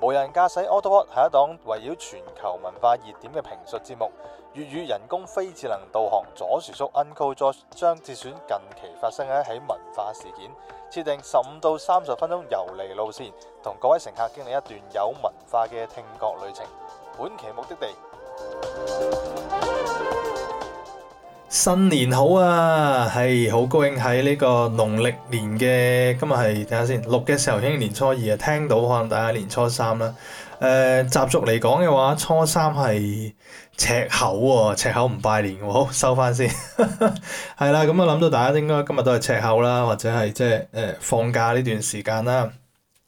無人駕駛 AutoPod 係一檔圍繞全球文化熱點嘅評述節目。粵語人工非智能導航左薯叔 Uncle Josh 將節選近期發生嘅一起文化事件。設定十五到三十分鐘游離路線，同各位乘客經歷一段有文化嘅聽覺旅程。本期目的地，新年好啊，係好高興喺呢個農曆年嘅今日係等下先錄嘅時候，已經年初二啊，聽到可能大家年初三啦。誒、呃、習俗嚟講嘅話，初三係赤口喎，哦，赤口唔拜年喎，好收翻先。 係、嗯、啦，咁啊諗到大家應該今日都係赤口啦，或者係即係誒放假呢段時間啦，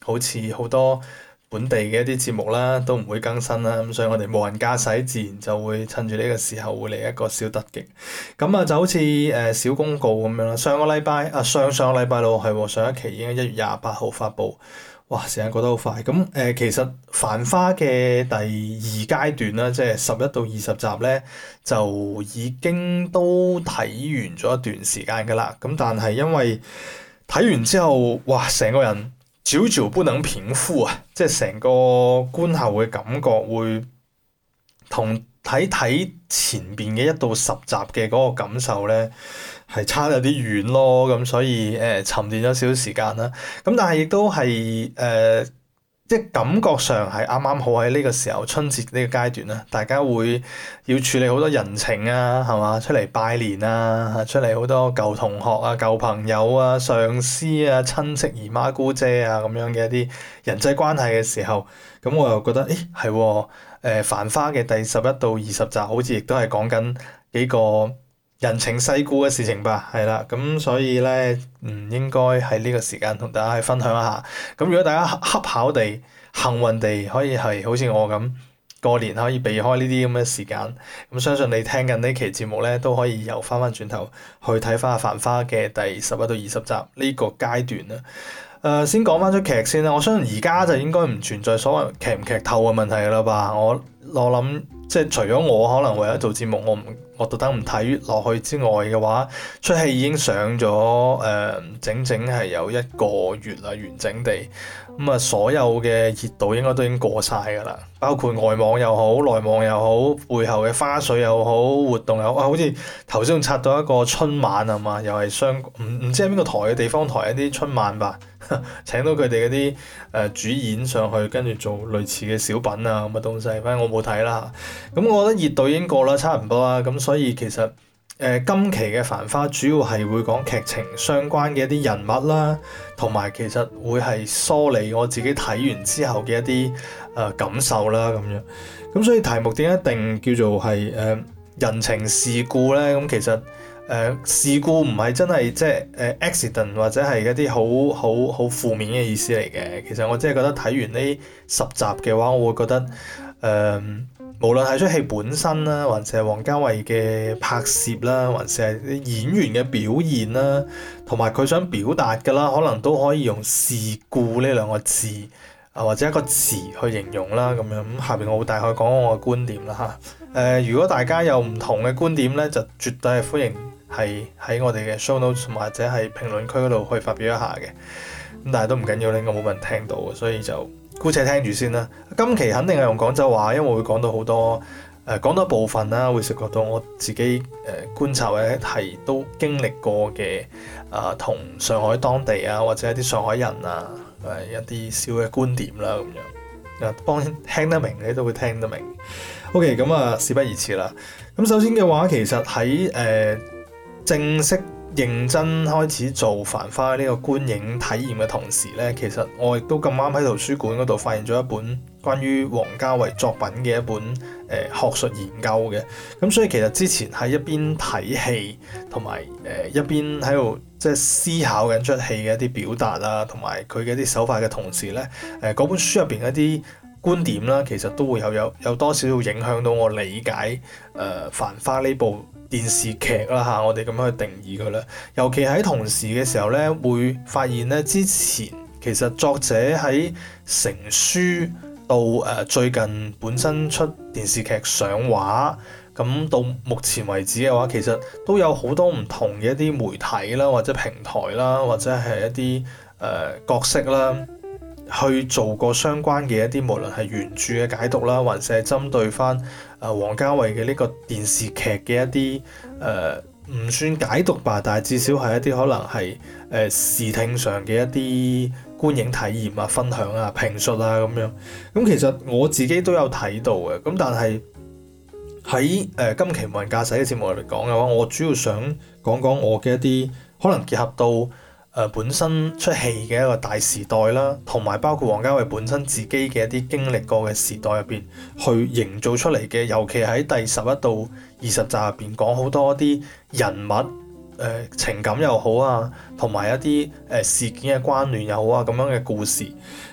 好似好多本地嘅一啲節目啦，都唔會更新啦，咁、嗯、所以我哋無人駕駛自然就會趁住呢個時候會嚟一個小特輯。咁、嗯、啊、嗯、就好似誒、呃、小公告咁樣啦，上個禮拜啊，上上個禮拜咯係喎，上一期已經一月廿八號發布。哇！時間過得好快，咁誒、呃、其實《繁花》嘅第二階段啦，即係十一到二十集咧，就已經都睇完咗一段時間㗎啦。咁但係因為睇完之後，哇！成個人久久不能平復啊！即係成個觀後嘅感覺會同睇睇前邊嘅一到十集嘅嗰個感受咧，係差得有啲遠咯，咁所以誒、呃、沉澱咗少少時間啦。咁但係亦都係誒，即係感覺上係啱啱好喺呢個時候，春節呢個階段啦，大家會要處理好多人情啊，係嘛？出嚟拜年啊，出嚟好多舊同學啊、舊朋友啊、上司啊、親戚姨媽姑姐啊咁樣嘅一啲人際關係嘅時候，咁我又覺得誒係誒繁花嘅第十一到二十集，好似亦都係講緊幾個人情世故嘅事情吧，係啦，咁所以咧，唔應該喺呢個時間同大家去分享一下。咁如果大家恰巧地幸運地可以係好似我咁過年可以避開呢啲咁嘅時間，咁相信你聽緊呢期節目咧，都可以又翻翻轉頭去睇翻《繁花》嘅第十一到二十集呢個階段啦。誒、呃、先講翻出劇先啦，我相信而家就應該唔存在所謂劇唔劇透嘅問題㗎啦吧。我我諗即係除咗我可能為咗做節目，我唔我特登唔睇落去之外嘅話，出戲已經上咗誒、呃、整整係有一個月啦，完整地咁啊、嗯，所有嘅熱度應該都已經過晒㗎啦。包括外網又好，內網又好，背後嘅花絮又好，活動又好，好似頭先仲刷到一個春晚啊嘛，又係相唔唔知喺邊個台嘅地方台一啲春晚吧。請到佢哋嗰啲誒主演上去，跟住做類似嘅小品啊咁嘅東西，反正我冇睇啦。咁我覺得熱度已經過啦，差唔多啦。咁所以其實誒、呃、今期嘅繁花主要係會講劇情相關嘅一啲人物啦，同埋其實會係梳理我自己睇完之後嘅一啲誒、呃、感受啦咁樣。咁所以題目點解一定叫做係誒、呃、人情事故咧？咁其實。呃、事故唔係真係即係誒 accident 或者係一啲好好好負面嘅意思嚟嘅。其實我真係覺得睇完呢十集嘅話，我會覺得誒、呃，無論係出戲本身啦，還是係王家衞嘅拍攝啦，還是係演員嘅表現啦，同埋佢想表達嘅啦，可能都可以用事故呢兩個字啊，或者一個詞去形容啦咁樣。咁下邊我會大概講講我嘅觀點啦嚇。誒、呃，如果大家有唔同嘅觀點呢，就絕對係歡迎。係喺我哋嘅 show notes，或者係評論區嗰度去發表一下嘅。咁但係都唔緊要咧，我冇人聽到，所以就姑且聽住先啦。今期肯定係用廣州話，因為我會講到好多誒、呃，講到部分啦，會涉及到我自己誒、呃、觀察或者係都經歷過嘅啊，同、呃、上海當地啊，或者一啲上海人啊，誒、呃、一啲小嘅觀點啦，咁樣啊。當然聽得明你都會聽得明。O.K. 咁啊，事不宜遲啦。咁首先嘅話，其實喺誒、呃正式認真開始做《繁花》呢個觀影體驗嘅同時呢，其實我亦都咁啱喺圖書館嗰度發現咗一本關於王家衞作品嘅一本誒、呃、學術研究嘅。咁所以其實之前喺一邊睇戲同埋誒一邊喺度即係思考緊出戲嘅一啲表達啦，同埋佢嘅一啲手法嘅同時呢，誒嗰、呃、本書入邊一啲觀點啦，其實都會有有有多少影響到我理解誒、呃《繁花》呢部電視劇啦嚇，我哋咁樣去定義佢啦。尤其喺同時嘅時候咧，會發現咧之前其實作者喺成書到誒最近本身出電視劇上畫，咁到目前為止嘅話，其實都有好多唔同嘅一啲媒體啦，或者平台啦，或者係一啲誒、呃、角色啦。去做過相關嘅一啲，無論係原著嘅解讀啦，還是係針對翻啊王家衛嘅呢個電視劇嘅一啲誒，唔、呃、算解讀吧，但係至少係一啲可能係誒視聽上嘅一啲觀影體驗啊、分享啊、評述啊咁樣。咁其實我自己都有睇到嘅，咁但係喺誒今期無人駕駛嘅節目嚟講嘅話，我主要想講講我嘅一啲可能結合到。本身出戲嘅一個大時代啦，同埋包括王家衞本身自己嘅一啲經歷過嘅時代入邊，去營造出嚟嘅，尤其喺第十一到二十集入邊講好多一啲人物誒、呃、情感又好啊，同埋一啲誒、呃、事件嘅關聯又好啊咁樣嘅故事。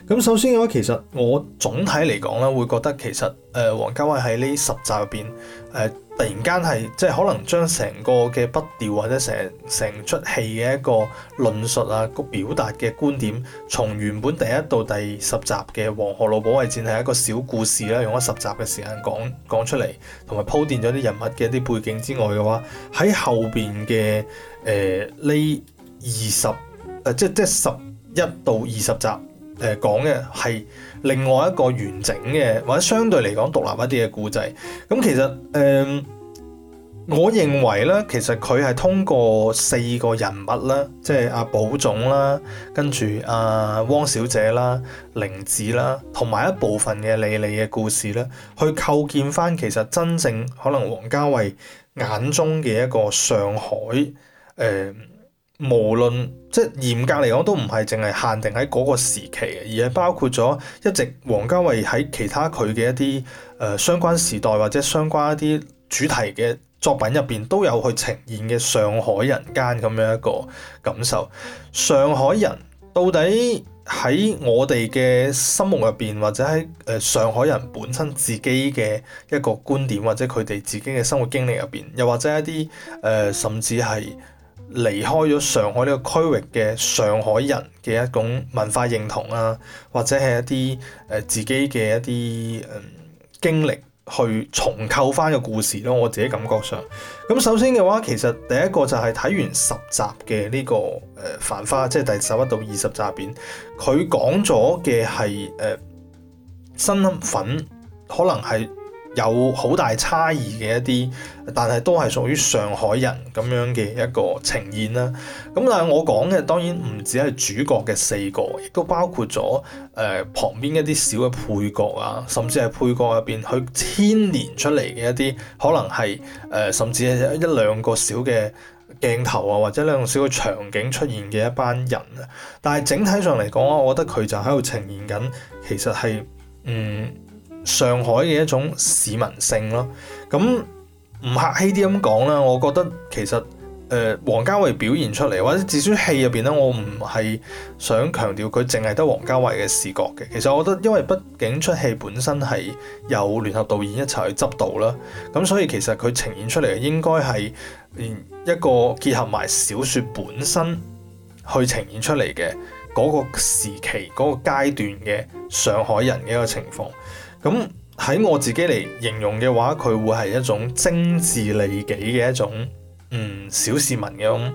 咁首先嘅話，其實我總體嚟講啦，會覺得其實誒王、呃、家衞喺呢十集入邊誒。呃突然間係即係可能將成個嘅筆調或者成成出戲嘅一個論述啊，個表達嘅觀點，從原本第一到第十集嘅《黃河路保衛戰》係一個小故事啦，用咗十集嘅時間講講出嚟，同埋鋪墊咗啲人物嘅一啲背景之外嘅話，喺後邊嘅誒呢二十誒即即十一到二十集誒、呃、講嘅係另外一個完整嘅或者相對嚟講獨立一啲嘅故仔，咁其實誒、呃，我認為咧，其實佢係通過四個人物啦，即係阿寶總啦，跟住阿、啊、汪小姐啦、玲子啦，同埋一部分嘅李李嘅故事咧，去構建翻其實真正可能王家衞眼中嘅一個上海誒。呃無論即係嚴格嚟講都唔係淨係限定喺嗰個時期，而係包括咗一直王家衛喺其他佢嘅一啲誒、呃、相關時代或者相關一啲主題嘅作品入邊都有去呈現嘅上海人間咁樣一個感受。上海人到底喺我哋嘅心目入邊，或者喺誒、呃、上海人本身自己嘅一個觀點，或者佢哋自己嘅生活經歷入邊，又或者一啲誒、呃、甚至係離開咗上海呢個區域嘅上海人嘅一種文化認同啊，或者係一啲誒自己嘅一啲誒經歷去重構翻個故事咯。我自己感覺上，咁首先嘅話，其實第一個就係睇完十集嘅呢個誒繁花，即係第十一到二十集入邊，佢講咗嘅係誒身份可能係。有好大差異嘅一啲，但係都係屬於上海人咁樣嘅一個呈現啦。咁但係我講嘅當然唔止係主角嘅四個，亦都包括咗誒、呃、旁邊一啲小嘅配角啊，甚至係配角入邊去牽連出嚟嘅一啲可能係誒、呃、甚至係一兩個小嘅鏡頭啊，或者兩個小嘅場景出現嘅一班人，啊。但係整體上嚟講，啊，我覺得佢就喺度呈現緊，其實係嗯，上海嘅一種市民性咯，咁唔客氣啲咁講啦，我覺得其實誒王、呃、家衛表現出嚟或者至少戲入邊咧，我唔係想強調佢淨係得王家衛嘅視覺嘅。其實我覺得，因為畢竟出戲本身係有聯合導演一齊去執導啦，咁所以其實佢呈現出嚟應該係連一個結合埋小說本身去呈現出嚟嘅嗰個時期嗰個階段嘅上海人嘅一個情況。咁喺我自己嚟形容嘅話，佢會係一種精緻利己嘅一種嗯小市民嘅一種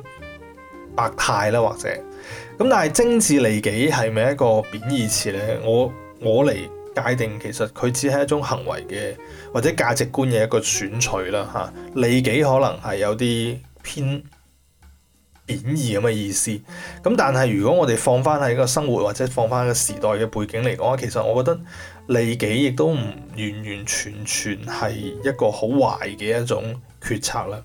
百態啦，或者咁。但係精緻利己係咪一個貶義詞呢？我我嚟界定，其實佢只係一種行為嘅或者價值觀嘅一個選取啦嚇。利己可能係有啲偏貶義咁嘅意思咁，但係如果我哋放翻喺個生活或者放翻個時代嘅背景嚟講，其實我覺得利己亦都唔完完全全係一個好壞嘅一種決策啦。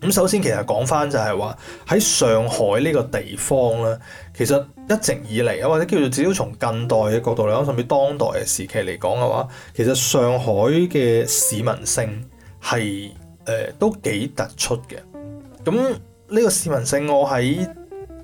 咁首先其實講翻就係話喺上海呢個地方咧，其實一直以嚟啊，或者叫做至少從近代嘅角度嚟講，甚至當代嘅時期嚟講嘅話，其實上海嘅市民性係誒、呃、都幾突出嘅咁。呢個市民性，我喺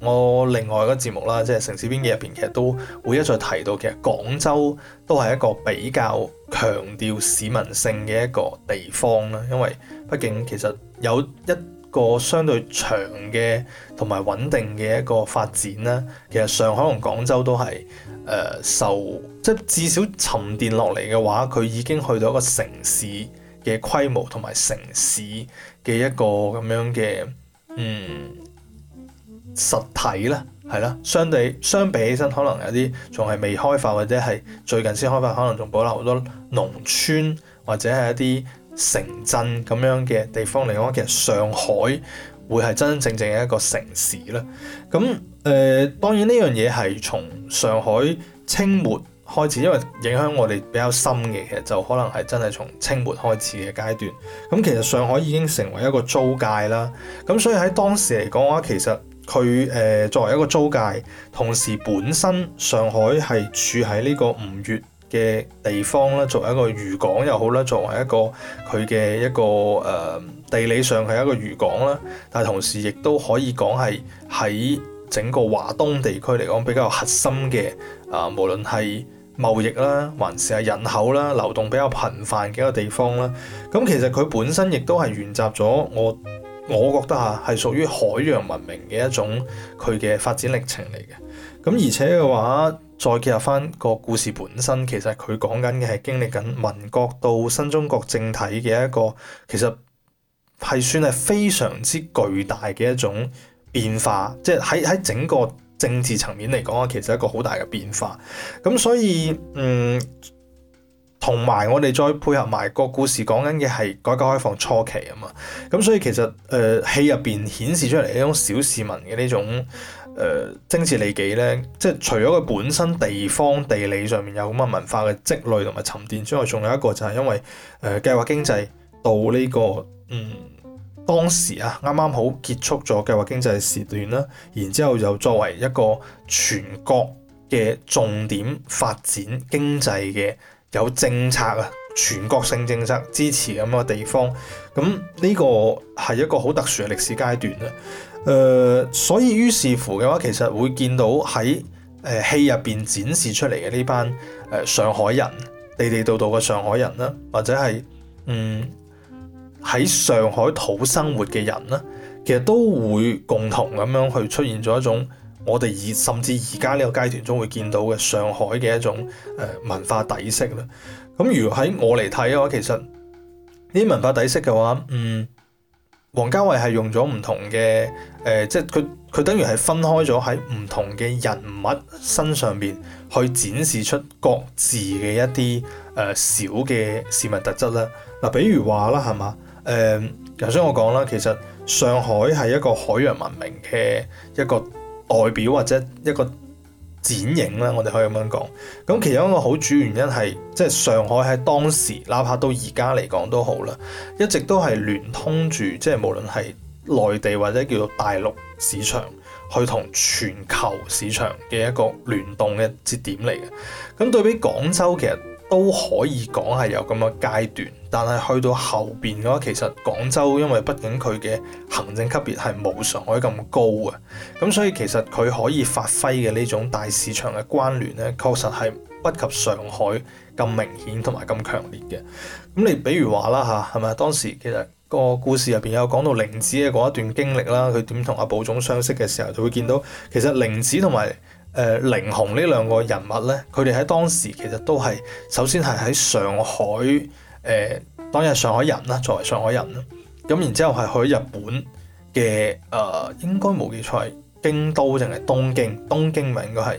我另外一個節目啦，即係城市編嘅入邊，其實都會一再提到，其實廣州都係一個比較強調市民性嘅一個地方啦。因為畢竟其實有一個相對長嘅同埋穩定嘅一個發展啦。其實上海同廣州都係誒、呃、受，即至少沉澱落嚟嘅話，佢已經去到一個城市嘅規模同埋城市嘅一個咁樣嘅。嗯，實體啦，係啦，相對相比起身，可能有啲仲係未開發或者係最近先開發，可能仲保留好多農村或者係一啲城鎮咁樣嘅地方嚟講，其實上海會係真真正正嘅一個城市啦。咁誒、呃，當然呢樣嘢係從上海清末開始，因為影響我哋比較深嘅，其實就可能係真係從清末開始嘅階段。咁其實上海已經成為一個租界啦，咁所以喺當時嚟講話，其實佢誒作為一個租界，同時本身上海係處喺呢個吳越嘅地方啦，作為一個漁港又好啦，作為一個佢嘅一個誒、呃、地理上係一個漁港啦。但係同時亦都可以講係喺整個華東地區嚟講比較核心嘅，啊、呃、無論係，貿易啦、啊，還是係人口啦、啊，流動比較頻繁嘅一個地方啦、啊。咁其實佢本身亦都係沿襲咗我，我覺得吓係屬於海洋文明嘅一種，佢嘅發展歷程嚟嘅。咁而且嘅話，再結合返個故事本身，其實佢講緊嘅係經歷緊民國到新中國政體嘅一個，其實係算係非常之巨大嘅一種變化，即係喺喺整個。政治層面嚟講啊，其實一個好大嘅變化，咁所以嗯，同埋我哋再配合埋個故事講緊嘅係改革開放初期啊嘛，咁所以其實誒、呃、戲入邊顯示出嚟呢種小市民嘅呢種誒、呃、精緻利己咧，即係除咗佢本身地方地理上面有咁嘅文化嘅積累同埋沉澱之外，仲有一個就係因為誒、呃、計劃經濟到呢、這個嗯。當時啊，啱啱好結束咗計劃經濟時段啦，然之後又作為一個全國嘅重點發展經濟嘅有政策啊，全國性政策支持咁嘅地方，咁呢個係一個好特殊嘅歷史階段啦。誒、呃，所以於是乎嘅話，其實會見到喺誒、呃、戲入邊展示出嚟嘅呢班誒、呃、上海人，地地道道嘅上海人啦，或者係嗯。喺上海討生活嘅人咧，其實都會共同咁樣去出現咗一種我哋而甚至而家呢個階段中會見到嘅上海嘅一種誒文化底色啦。咁如果喺我嚟睇嘅話，其實呢啲文化底色嘅話，嗯，王家衞係用咗唔同嘅誒、呃，即係佢佢等於係分開咗喺唔同嘅人物身上邊去展示出各自嘅一啲誒、呃、小嘅市民特質啦。嗱，比如話啦，係嘛？誒頭先我講啦，其實上海係一個海洋文明嘅一個代表或者一個剪影咧，我哋可以咁樣講。咁其中一個好主要原因係，即係上海喺當時，哪怕到而家嚟講都好啦，一直都係聯通住，即係無論係內地或者叫做大陸市場，去同全球市場嘅一個聯動嘅節點嚟嘅。咁對比廣州，其實都可以講係有咁嘅階段。但係去到後邊嘅話，其實廣州因為畢竟佢嘅行政級別係冇上海咁高啊，咁所以其實佢可以發揮嘅呢種大市場嘅關聯咧，確實係不及上海咁明顯同埋咁強烈嘅。咁你比如話啦嚇，係咪啊？當時其實個故事入邊有講到玲子嘅嗰一段經歷啦，佢點同阿寶總相識嘅時候，就會見到其實玲子同埋誒菱紅呢兩個人物咧，佢哋喺當時其實都係首先係喺上海。誒、呃，當日係上海人啦，作為上海人啦，咁然之後係去日本嘅誒、呃，應該冇記錯係京都定係東京東京，咪應該係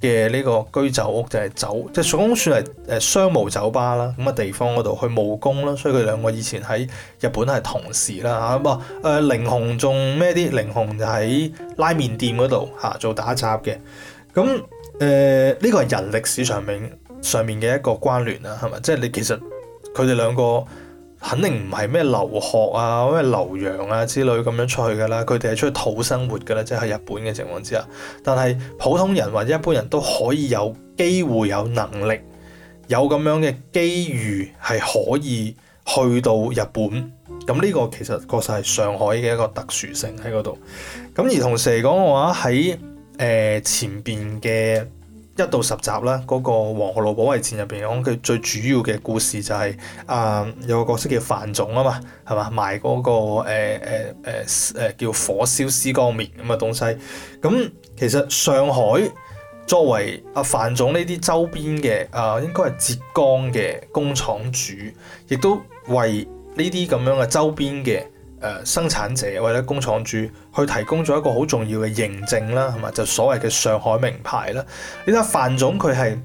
嘅呢個居酒屋就係、是、酒，即係總算係誒商務酒吧啦咁嘅、那個、地方嗰度去務工啦，所以佢哋兩個以前喺日本係同事啦嚇，唔啊誒，靈、呃、紅仲咩啲菱紅就喺拉麵店嗰度嚇做打雜嘅，咁誒呢個係人力市場上面上面嘅一個關聯啦、啊，係咪？即係你其實。佢哋兩個肯定唔係咩留學啊、咩留洋啊之類咁樣出去嘅啦，佢哋係出去討生活嘅啦，即係喺日本嘅情況之下。但係普通人或者一般人都可以有機會、有能力、有咁樣嘅機遇係可以去到日本。咁呢個其實確實係上海嘅一個特殊性喺嗰度。咁而同時嚟講嘅話，喺誒、呃、前邊嘅。一到十集啦，嗰、那個《黃河路保衛戰》入邊講佢最主要嘅故事就係、是、啊、呃，有個角色叫范總啊嘛，係嘛，賣嗰個誒誒誒叫火燒絲光棉咁嘅東西。咁其實上海作為阿范總呢啲周邊嘅啊、呃，應該係浙江嘅工廠主，亦都為呢啲咁樣嘅周邊嘅。誒生產者或者工廠主去提供咗一個好重要嘅認證啦，係嘛？就是、所謂嘅上海名牌啦。你睇范總佢係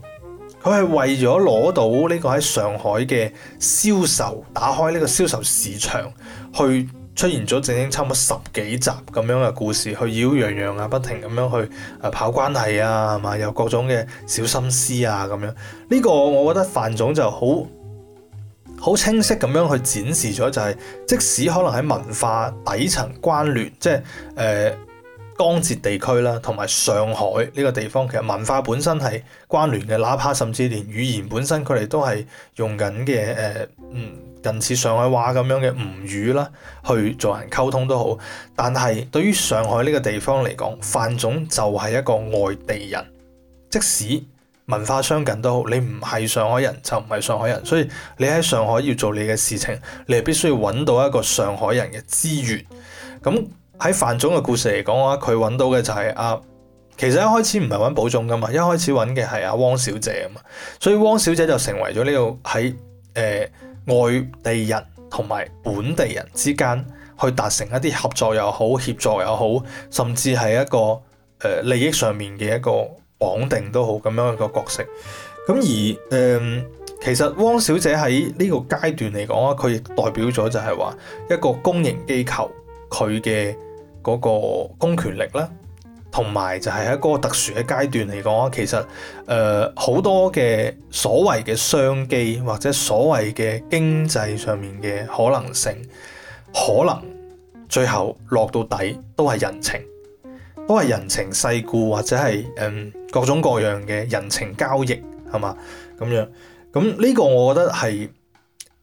佢係為咗攞到呢個喺上海嘅銷售，打開呢個銷售市場，去出現咗整整差唔多十幾集咁樣嘅故事，去繞樣樣啊，不停咁樣去誒跑關係啊，係嘛？有各種嘅小心思啊咁樣。呢、這個我覺得范總就好。好清晰咁樣去展示咗，就係即使可能喺文化底層關聯，即係誒江浙地區啦，同埋上海呢個地方，其實文化本身係關聯嘅，哪怕甚至連語言本身，佢哋都係用緊嘅誒，嗯，近似上海話咁樣嘅吳語啦，去做人溝通都好。但係對於上海呢個地方嚟講，范總就係一個外地人，即使，文化相近都好，你唔係上海人就唔係上海人，所以你喺上海要做你嘅事情，你係必須要揾到一個上海人嘅資源。咁喺范總嘅故事嚟講，嘅話，就是，佢揾到嘅就係啊，其實一開始唔係揾保總噶嘛，一開始揾嘅係阿汪小姐啊嘛，所以汪小姐就成為咗呢、這個喺誒、呃、外地人同埋本地人之間去達成一啲合作又好、協作又好，甚至係一個誒、呃、利益上面嘅一個。綁定都好咁樣一個角色，咁而誒、呃，其實汪小姐喺呢個階段嚟講啊，佢亦代表咗就係話一個公營機構佢嘅嗰個公權力啦，同埋就係一個特殊嘅階段嚟講啊，其實誒呃、好多嘅所謂嘅商機或者所謂嘅經濟上面嘅可能性，可能最後落到底都係人情。都係人情世故或者係誒、嗯、各種各樣嘅人情交易係嘛，咁樣，咁呢個我覺得係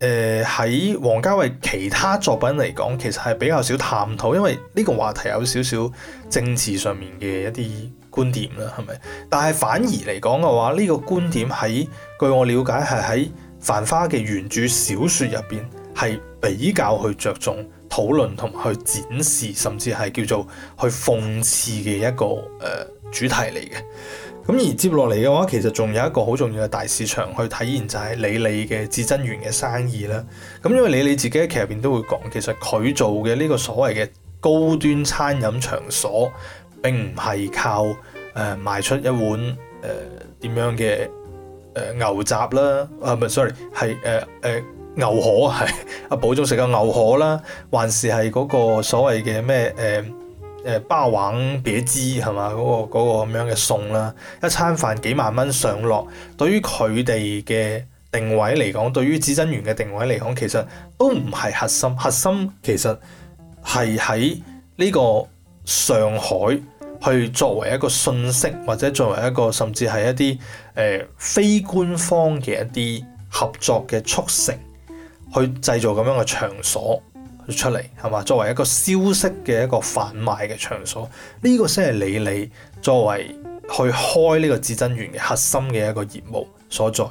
誒喺王家衞其他作品嚟講，其實係比較少探討，因為呢個話題有少少政治上面嘅一啲觀點啦，係咪？但係反而嚟講嘅話，呢、呢個觀點喺據我了解係喺《繁花》嘅原著小說入邊係比較去着重。討論同埋去展示，甚至係叫做去諷刺嘅一個誒、呃、主題嚟嘅。咁而接落嚟嘅話，其實仲有一個好重要嘅大市場去體現，就係李李嘅至真園嘅生意啦。咁因為李李自己喺劇入邊都會講，其實佢做嘅呢個所謂嘅高端餐飲場所，並唔係靠誒、呃、賣出一碗誒點、呃、樣嘅誒、呃、牛雜啦。誒唔係，sorry，係誒誒。呃呃牛河係阿 寶總食個牛河啦，還是係嗰個所謂嘅咩誒誒霸王別姬係嘛？嗰、那個嗰、那個咁樣嘅餸啦，一餐飯幾萬蚊上落，對於佢哋嘅定位嚟講，對於至真園嘅定位嚟講，其實都唔係核心，核心其實係喺呢個上海去作為一個信息，或者作為一個甚至係一啲誒、呃、非官方嘅一啲合作嘅促成。去製造咁樣嘅場所出嚟係嘛？作為一個消息嘅一個販賣嘅場所，呢個先係李李作為去開呢個至真園嘅核心嘅一個業務所在。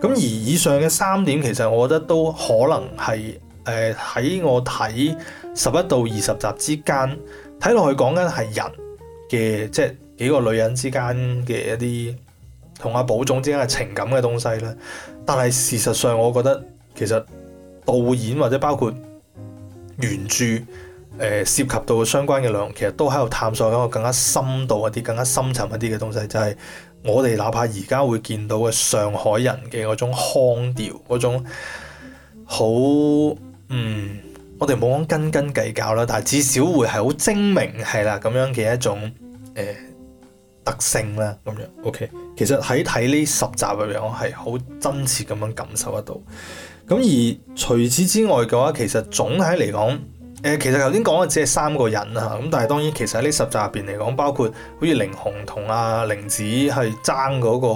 咁而以上嘅三點，其實我覺得都可能係誒喺我睇十一到二十集之間，睇落去講緊係人嘅，即係幾個女人之間嘅一啲同阿寶總之間嘅情感嘅東西啦。但係事實上，我覺得其實，導演或者包括原著，誒、呃、涉及到相關嘅內容，其實都喺度探索一個更加深度一啲、更加深層一啲嘅東西，就係、是、我哋哪怕而家會見到嘅上海人嘅嗰種腔調，嗰種好嗯，我哋冇講斤斤計較啦，但係至少會係好精明係啦咁樣嘅一種誒、呃、特性啦咁樣。OK，其實喺睇呢十集入邊，我係好真切咁樣感受得到。咁而除此之外嘅話，其實總體嚟講，誒、呃、其實頭先講嘅只係三個人啦，咁但係當然其實喺呢十集入邊嚟講，包括好似菱紅同阿玲子係爭嗰、那個、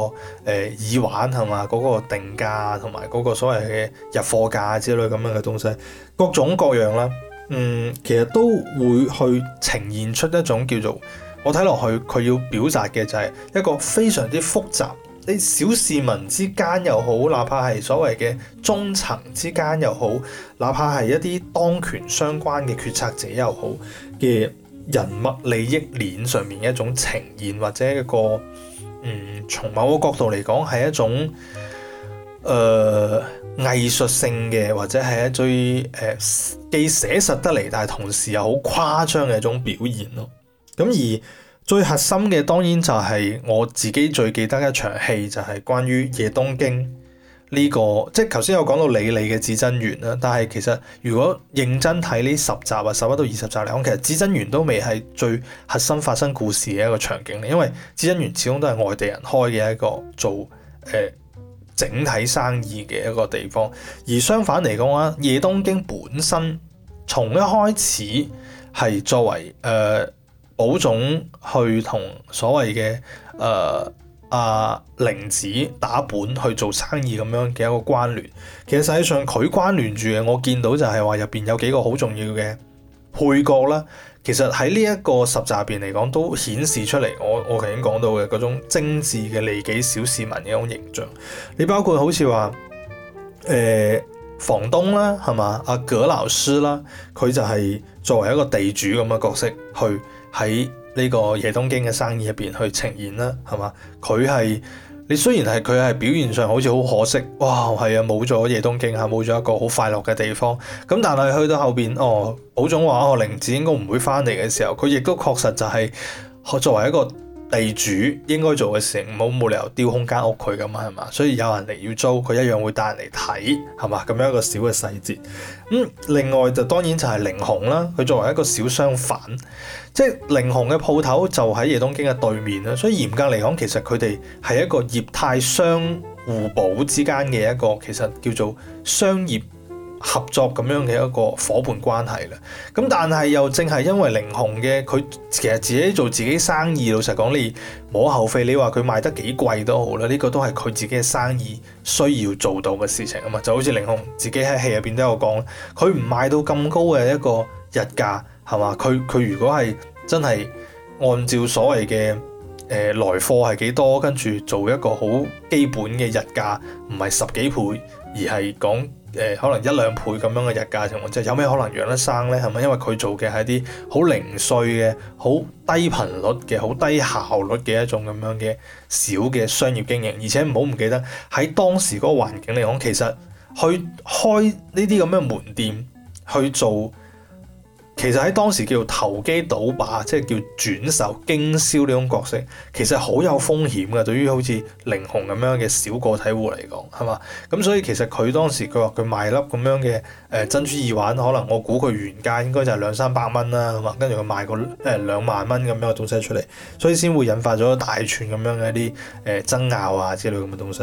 呃、耳環係嘛，嗰、那個定價同埋嗰個所謂嘅入貨價之類咁樣嘅東西，各種各樣啦，嗯，其實都會去呈現出一種叫做我睇落去佢要表達嘅就係一個非常之複雜。你小市民之間又好，哪怕係所謂嘅中層之間又好，哪怕係一啲當權相關嘅決策者又好嘅人物利益鏈上面嘅一種呈現，或者一個嗯，從某個角度嚟講係一種誒藝術性嘅，或者係一種誒、呃、既寫實得嚟，但係同時又好誇張嘅一種表現咯。咁、嗯、而最核心嘅當然就係我自己最記得一場戲，就係、是、關於夜東京呢、這個，即係頭先有講到李李嘅至真園啦。但係其實如果認真睇呢十集啊，十一到二十集嚟講，其實至真園都未係最核心發生故事嘅一個場景嚟。因為至真園始終都係外地人開嘅一個做誒、呃、整體生意嘅一個地方。而相反嚟講啊，夜東京本身從一開始係作為誒。呃寶總去同所謂嘅誒阿玲子打本去做生意咁樣嘅一個關聯，其實實際上佢關聯住嘅，我見到就係話入邊有幾個好重要嘅配角啦。其實喺呢一個十集入邊嚟講，都顯示出嚟。我我頭先講到嘅嗰種精緻嘅利己小市民嘅一種形象，你包括好似話誒房東啦，係嘛？阿葛老師啦，佢就係作為一個地主咁嘅角色去。喺呢個夜東京嘅生意入邊去呈現啦，係嘛？佢係你雖然係佢係表現上好似好可惜，哇，係啊，冇咗夜東京嚇，冇、啊、咗一個好快樂嘅地方。咁但係去到後邊，哦，寶總話：哦，玲子應該唔會翻嚟嘅時候，佢亦都確實就係、是、作為一個。地主應該做嘅事情，唔好冇理由丟空間屋佢噶嘛，係嘛？所以有人嚟要租，佢一樣會帶人嚟睇，係嘛？咁樣一個小嘅細節。咁、嗯、另外就當然就係菱紅啦，佢作為一個小商販，即係菱紅嘅鋪頭就喺夜東京嘅對面啦。所以嚴格嚟講，其實佢哋係一個業態相互補之間嘅一個，其實叫做商業合作咁樣嘅一個伙伴關係啦，咁但係又正係因為凌雄嘅佢其實自己做自己生意。老實講你冇後悔，你話佢賣得幾貴都好啦，呢個都係佢自己嘅生意需要做到嘅事情啊嘛，就好似凌雄自己喺戲入邊都有講，佢唔賣到咁高嘅一個日價係嘛，佢佢如果係真係按照所謂嘅。誒、呃、來貨係幾多，跟住做一個好基本嘅日價，唔係十幾倍，而係講誒可能一兩倍咁樣嘅日價情況，即係有咩可能養得生呢？係咪？因為佢做嘅係啲好零碎嘅、好低頻率嘅、好低效率嘅一種咁樣嘅小嘅商業經營，而且唔好唔記得喺當時嗰個環境嚟講，其實去開呢啲咁嘅門店去做。其實喺當時叫做投機倒把，即係叫轉售經銷呢種角色，其實好有風險嘅。對於好似靈紅咁樣嘅小個體戶嚟講，係嘛？咁所以其實佢當時佢話佢賣粒咁樣嘅誒、呃、珍珠耳環，可能我估佢原價應該就係兩三百蚊啦，係嘛？跟住佢賣個誒兩萬蚊咁樣嘅東西出嚟，所以先會引發咗大串咁樣嘅一啲誒、呃、爭拗啊之類咁嘅東西。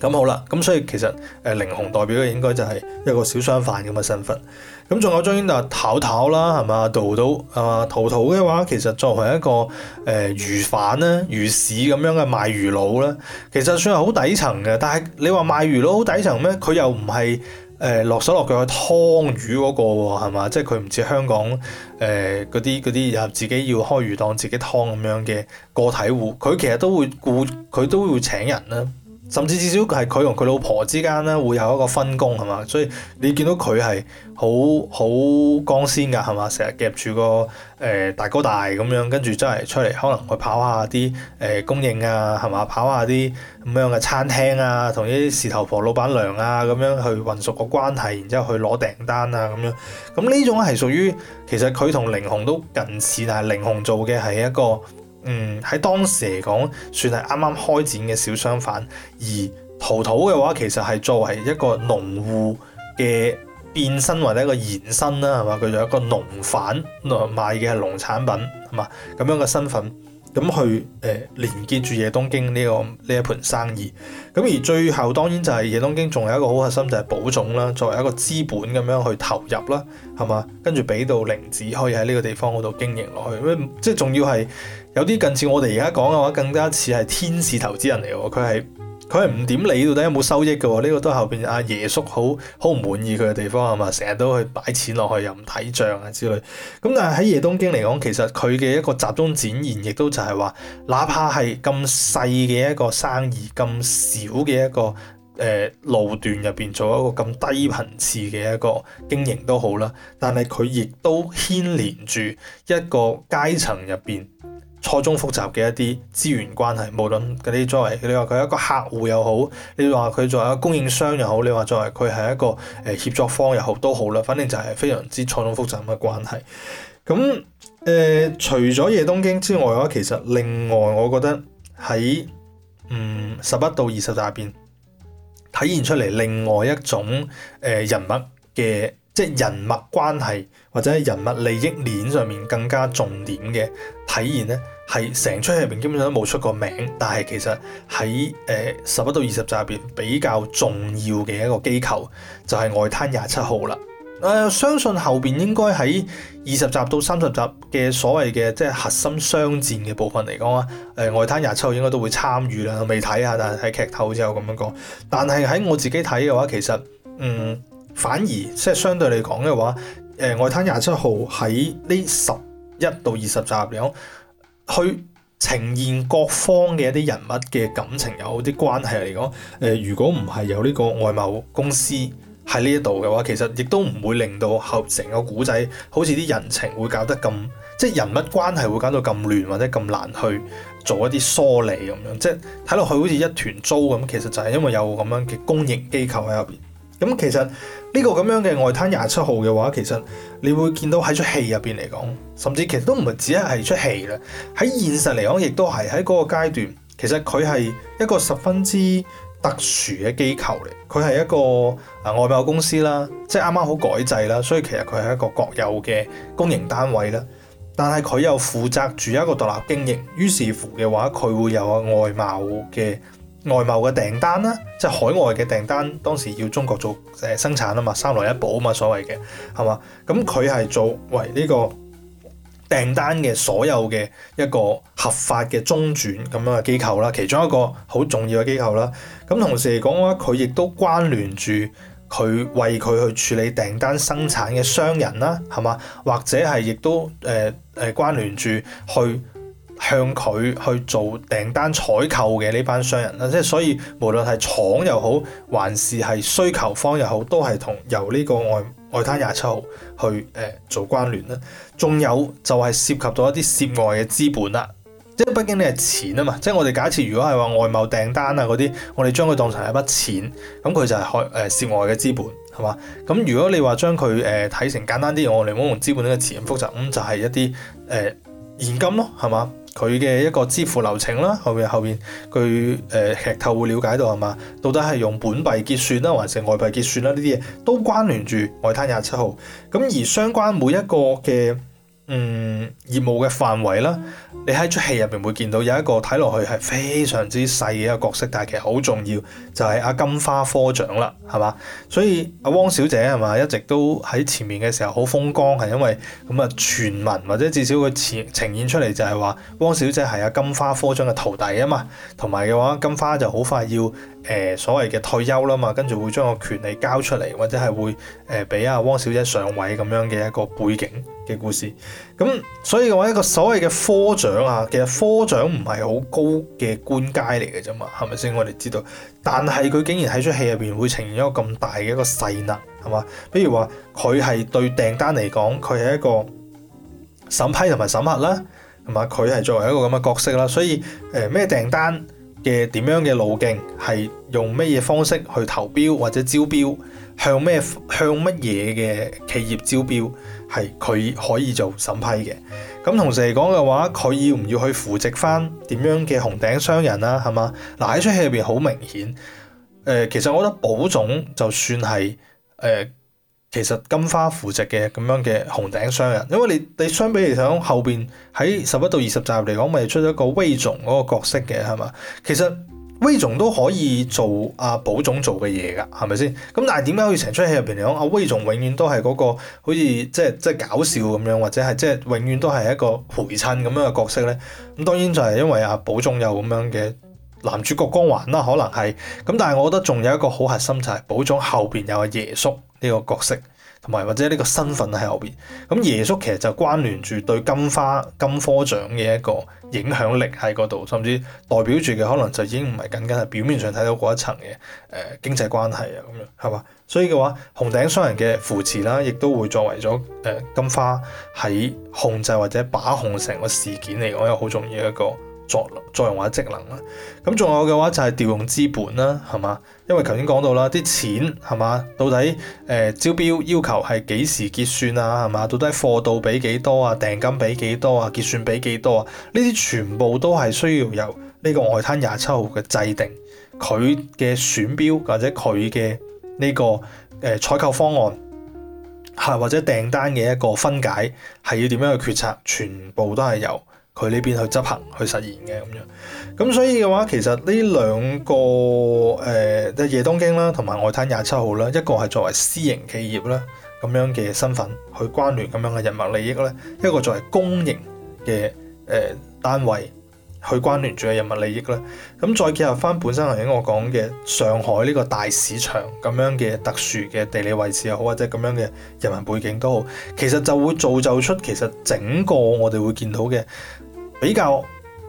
咁好啦，咁所以其實誒靈紅代表嘅應該就係一個小商販咁嘅身份。咁仲有將嗱陶陶啦，係嘛？陶陶，係嘛？陶陶嘅話，其實作為一個誒魚販咧、魚市咁樣嘅賣魚佬咧，其實算係好底層嘅。但係你話賣魚佬好底層咩？佢又唔係誒落手落腳去劏魚嗰、那個喎，係嘛？即係佢唔似香港誒嗰啲嗰啲自己要開魚檔、自己劏咁樣嘅個體戶，佢其實都會顧，佢都會請人啦。甚至至少係佢同佢老婆之間咧會有一個分工，係嘛？所以你見到佢係好好光鮮㗎係嘛？成日夾住個誒、呃、大哥大咁樣，跟住真係出嚟可能去跑下啲誒、呃、供應啊係嘛？跑下啲咁樣嘅餐廳啊，同啲事頭婆、老闆娘啊咁樣去運熟個關係，然之後去攞訂單啊咁樣，咁呢種係屬於其實佢同凌雄都近似，但係凌雄做嘅係一個。嗯，喺當時嚟講，算係啱啱開展嘅小商販。而陶陶嘅話，其實係作為一個農戶嘅變身或者一個延伸啦，係嘛？佢就一個農販，賣嘅係農產品，係嘛？咁樣嘅身份。咁去誒、呃、連接住夜東京呢、呢個呢一盤生意，咁而最後當然就係夜東京仲有一個好核心就係、是、寶總啦，作為一個資本咁樣去投入啦，係嘛？跟住俾到玲子可以喺呢個地方嗰度經營落去，即係仲要係有啲近似我哋而家講嘅話，更加似係天使投資人嚟喎，佢係。佢係唔點理到底有冇收益嘅喎、哦，呢、這個都係後邊阿爺叔好好唔滿意佢嘅地方係嘛？成日都去擺錢落去又唔睇帳啊之類。咁但係喺《夜東京》嚟講，其實佢嘅一個集中展現，亦都就係話，哪怕係咁細嘅一個生意、咁小嘅一個誒、呃、路段入邊做一個咁低頻次嘅一個經營都好啦。但係佢亦都牽連住一個階層入邊。錯綜複雜嘅一啲資源關係，無論嗰啲作為你話佢一個客戶又好，你話佢作為一個供應商又好，你話作為佢係一個誒協作方又好都好啦。反正就係非常之錯綜複雜嘅關係。咁誒、呃，除咗夜東京之外嘅話，其實另外我覺得喺嗯十一到二十入邊，體現出嚟另外一種誒、呃、人物嘅即係人物關係或者人物利益鏈上面更加重點嘅體現咧。係成出戲入邊基本上都冇出個名，但係其實喺誒十一到二十集入邊比較重要嘅一個機構就係外灘廿七號啦。誒、呃，相信後邊應該喺二十集到三十集嘅所謂嘅即係核心商戰嘅部分嚟講啊，誒、呃、外灘廿七號應該都會參與啦。未睇下，但係喺劇透之後咁樣講。但係喺我自己睇嘅話，其實嗯反而即係、就是、相對嚟講嘅話，誒、呃、外灘廿七號喺呢十一到二十集嚟講。去呈現各方嘅一啲人物嘅感情有啲關係嚟講，誒、呃、如果唔係有呢個外貿公司喺呢一度嘅話，其實亦都唔會令到後成個古仔好似啲人情會搞得咁，即係人物關係會搞到咁亂或者咁難去做一啲梳理咁樣，即係睇落去好似一團糟咁。其實就係因為有咁樣嘅公營機構喺入邊。咁、嗯、其實呢個咁樣嘅外灘廿七號嘅話，其實。你會見到喺出戲入邊嚟講，甚至其實都唔係只係出戲啦。喺現實嚟講，亦都係喺嗰個階段，其實佢係一個十分之特殊嘅機構嚟。佢係一個外貿公司啦，即係啱啱好改制啦，所以其實佢係一個國有嘅公營單位啦。但係佢又負責住一個獨立經營，於是乎嘅話，佢會有外貿嘅。外貿嘅訂單啦，即係海外嘅訂單，當時要中國做誒生產啊嘛，三來一補啊嘛，所謂嘅係嘛，咁佢係作為呢個訂單嘅所有嘅一個合法嘅中轉咁樣嘅機構啦，其中一個好重要嘅機構啦。咁、嗯、同時嚟講嘅話，佢亦都關聯住佢為佢去處理訂單生產嘅商人啦，係嘛，或者係亦都誒誒、呃呃、關聯住去。向佢去做訂單採購嘅呢班商人啦，即係所以無論係廠又好，還是係需求方又好，都係同由呢個外外灘廿七號去誒、呃、做關聯啦。仲有就係涉及到一啲涉外嘅資本啦，即係畢竟你係錢啊嘛。即係我哋假設如果係話外貿訂單啊嗰啲，我哋將佢當成係一筆錢，咁佢就係開誒涉外嘅資本，係嘛？咁如果你話將佢誒睇成簡單啲，我哋冇用資本呢個詞咁複雜，咁就係一啲誒、呃、現金咯，係嘛？佢嘅一個支付流程啦，後面後面佢誒、呃、劇透會了解到係嘛？到底係用本幣結算啦，還是外幣結算啦？呢啲嘢都關聯住外灘廿七號。咁而相關每一個嘅。嗯，業務嘅範圍啦，你喺出戲入邊會見到有一個睇落去係非常之細嘅一個角色，但係其實好重要，就係阿金花科長啦，係嘛，所以阿汪小姐係嘛，一直都喺前面嘅時候好風光，係因為咁啊，傳聞或者至少佢呈呈現出嚟就係話汪小姐係阿金花科長嘅徒弟啊嘛，同埋嘅話金花就好快要。誒所謂嘅退休啦嘛，跟住會將個權利交出嚟，或者係會誒俾阿汪小姐上位咁樣嘅一個背景嘅故事。咁所以嘅話，一個所謂嘅科長啊，其實科長唔係好高嘅官階嚟嘅啫嘛，係咪先？我哋知道，但係佢竟然喺出戲入邊會呈現一個咁大嘅一個勢能，係嘛？比如話佢係對訂單嚟講，佢係一個審批同埋審核啦，係嘛？佢係作為一個咁嘅角色啦，所以誒咩、呃、訂單？嘅點樣嘅路徑係用咩嘢方式去投標或者招標，向咩向乜嘢嘅企業招標，係佢可以做審批嘅。咁同時嚟講嘅話，佢要唔要去扶植翻點樣嘅紅頂商人啦、啊？係嘛？嗱、啊，喺出戲入邊好明顯。誒、呃，其實我覺得寶總就算係誒。呃其實金花扶植嘅咁樣嘅紅頂商人，因為你你相比嚟講，後邊喺十一到二十集嚟講，咪出咗一個威總嗰個角色嘅係嘛？其實威總都可以做阿寶總做嘅嘢噶，係咪先？咁但係點解可以成出戲入邊嚟講，阿威總永遠都係嗰個好似即係即係搞笑咁樣，或者係即係永遠都係一個陪襯咁樣嘅角色咧？咁當然就係因為阿寶總有咁樣嘅。男主角光環啦，可能係咁，但係我覺得仲有一個好核心就係、是、保足後邊有爺叔呢個角色，同埋或者呢個身份喺後邊。咁爺叔其實就關聯住對金花金科長嘅一個影響力喺嗰度，甚至代表住嘅可能就已經唔係僅僅係表面上睇到嗰一層嘅誒、呃、經濟關係啊咁樣，係嘛？所以嘅話，紅頂商人嘅扶持啦，亦都會作為咗誒、呃、金花喺控制或者把控成個事件嚟講，有好重要一個。作作用或者職能啦，咁仲有嘅話就係調用資本啦，係嘛？因為頭先講到啦，啲錢，係嘛？到底誒、呃、招標要求係幾時結算啊？係嘛？到底貨到俾幾多啊？訂金俾幾多啊？結算俾幾多啊？呢啲全部都係需要由呢個外灘廿七號嘅制定佢嘅選標或者佢嘅呢個誒採購方案，係或者訂單嘅一個分解係要點樣去決策，全部都係由。佢呢邊去執行去實現嘅咁樣，咁所以嘅話，其實呢兩個誒，即、呃、夜東京啦，同埋外灘廿七號啦，一個係作為私營企業啦咁樣嘅身份去關聯咁樣嘅人物利益啦，一個作為公營嘅誒、呃、單位去關聯住嘅人物利益啦。咁再結合翻本身頭先我講嘅上海呢個大市場咁樣嘅特殊嘅地理位置又好，或者咁樣嘅人民背景都好，其實就會造就出其實整個我哋會見到嘅。比較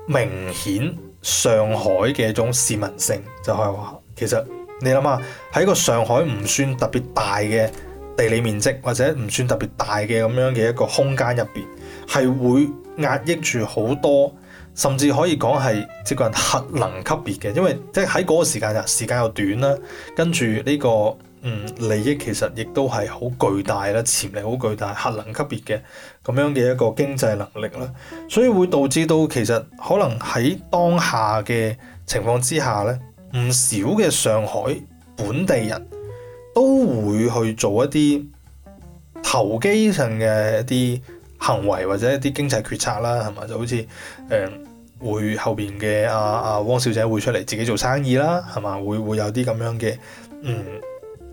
明顯，上海嘅一種市民性就係話，其實你諗下喺個上海唔算特別大嘅地理面積，或者唔算特別大嘅咁樣嘅一個空間入邊，係會壓抑住好多，甚至可以講係接近核能級別嘅。因為即係喺嗰個時間啊，時間又短啦，跟住呢個嗯利益其實亦都係好巨大啦，潛力好巨大，核能級別嘅。咁樣嘅一個經濟能力啦，所以會導致到其實可能喺當下嘅情況之下咧，唔少嘅上海本地人都會去做一啲投機性嘅一啲行為或者一啲經濟決策啦，係嘛？就好似誒、呃、會後邊嘅阿阿汪小姐會出嚟自己做生意啦，係嘛？會會有啲咁樣嘅，嗯，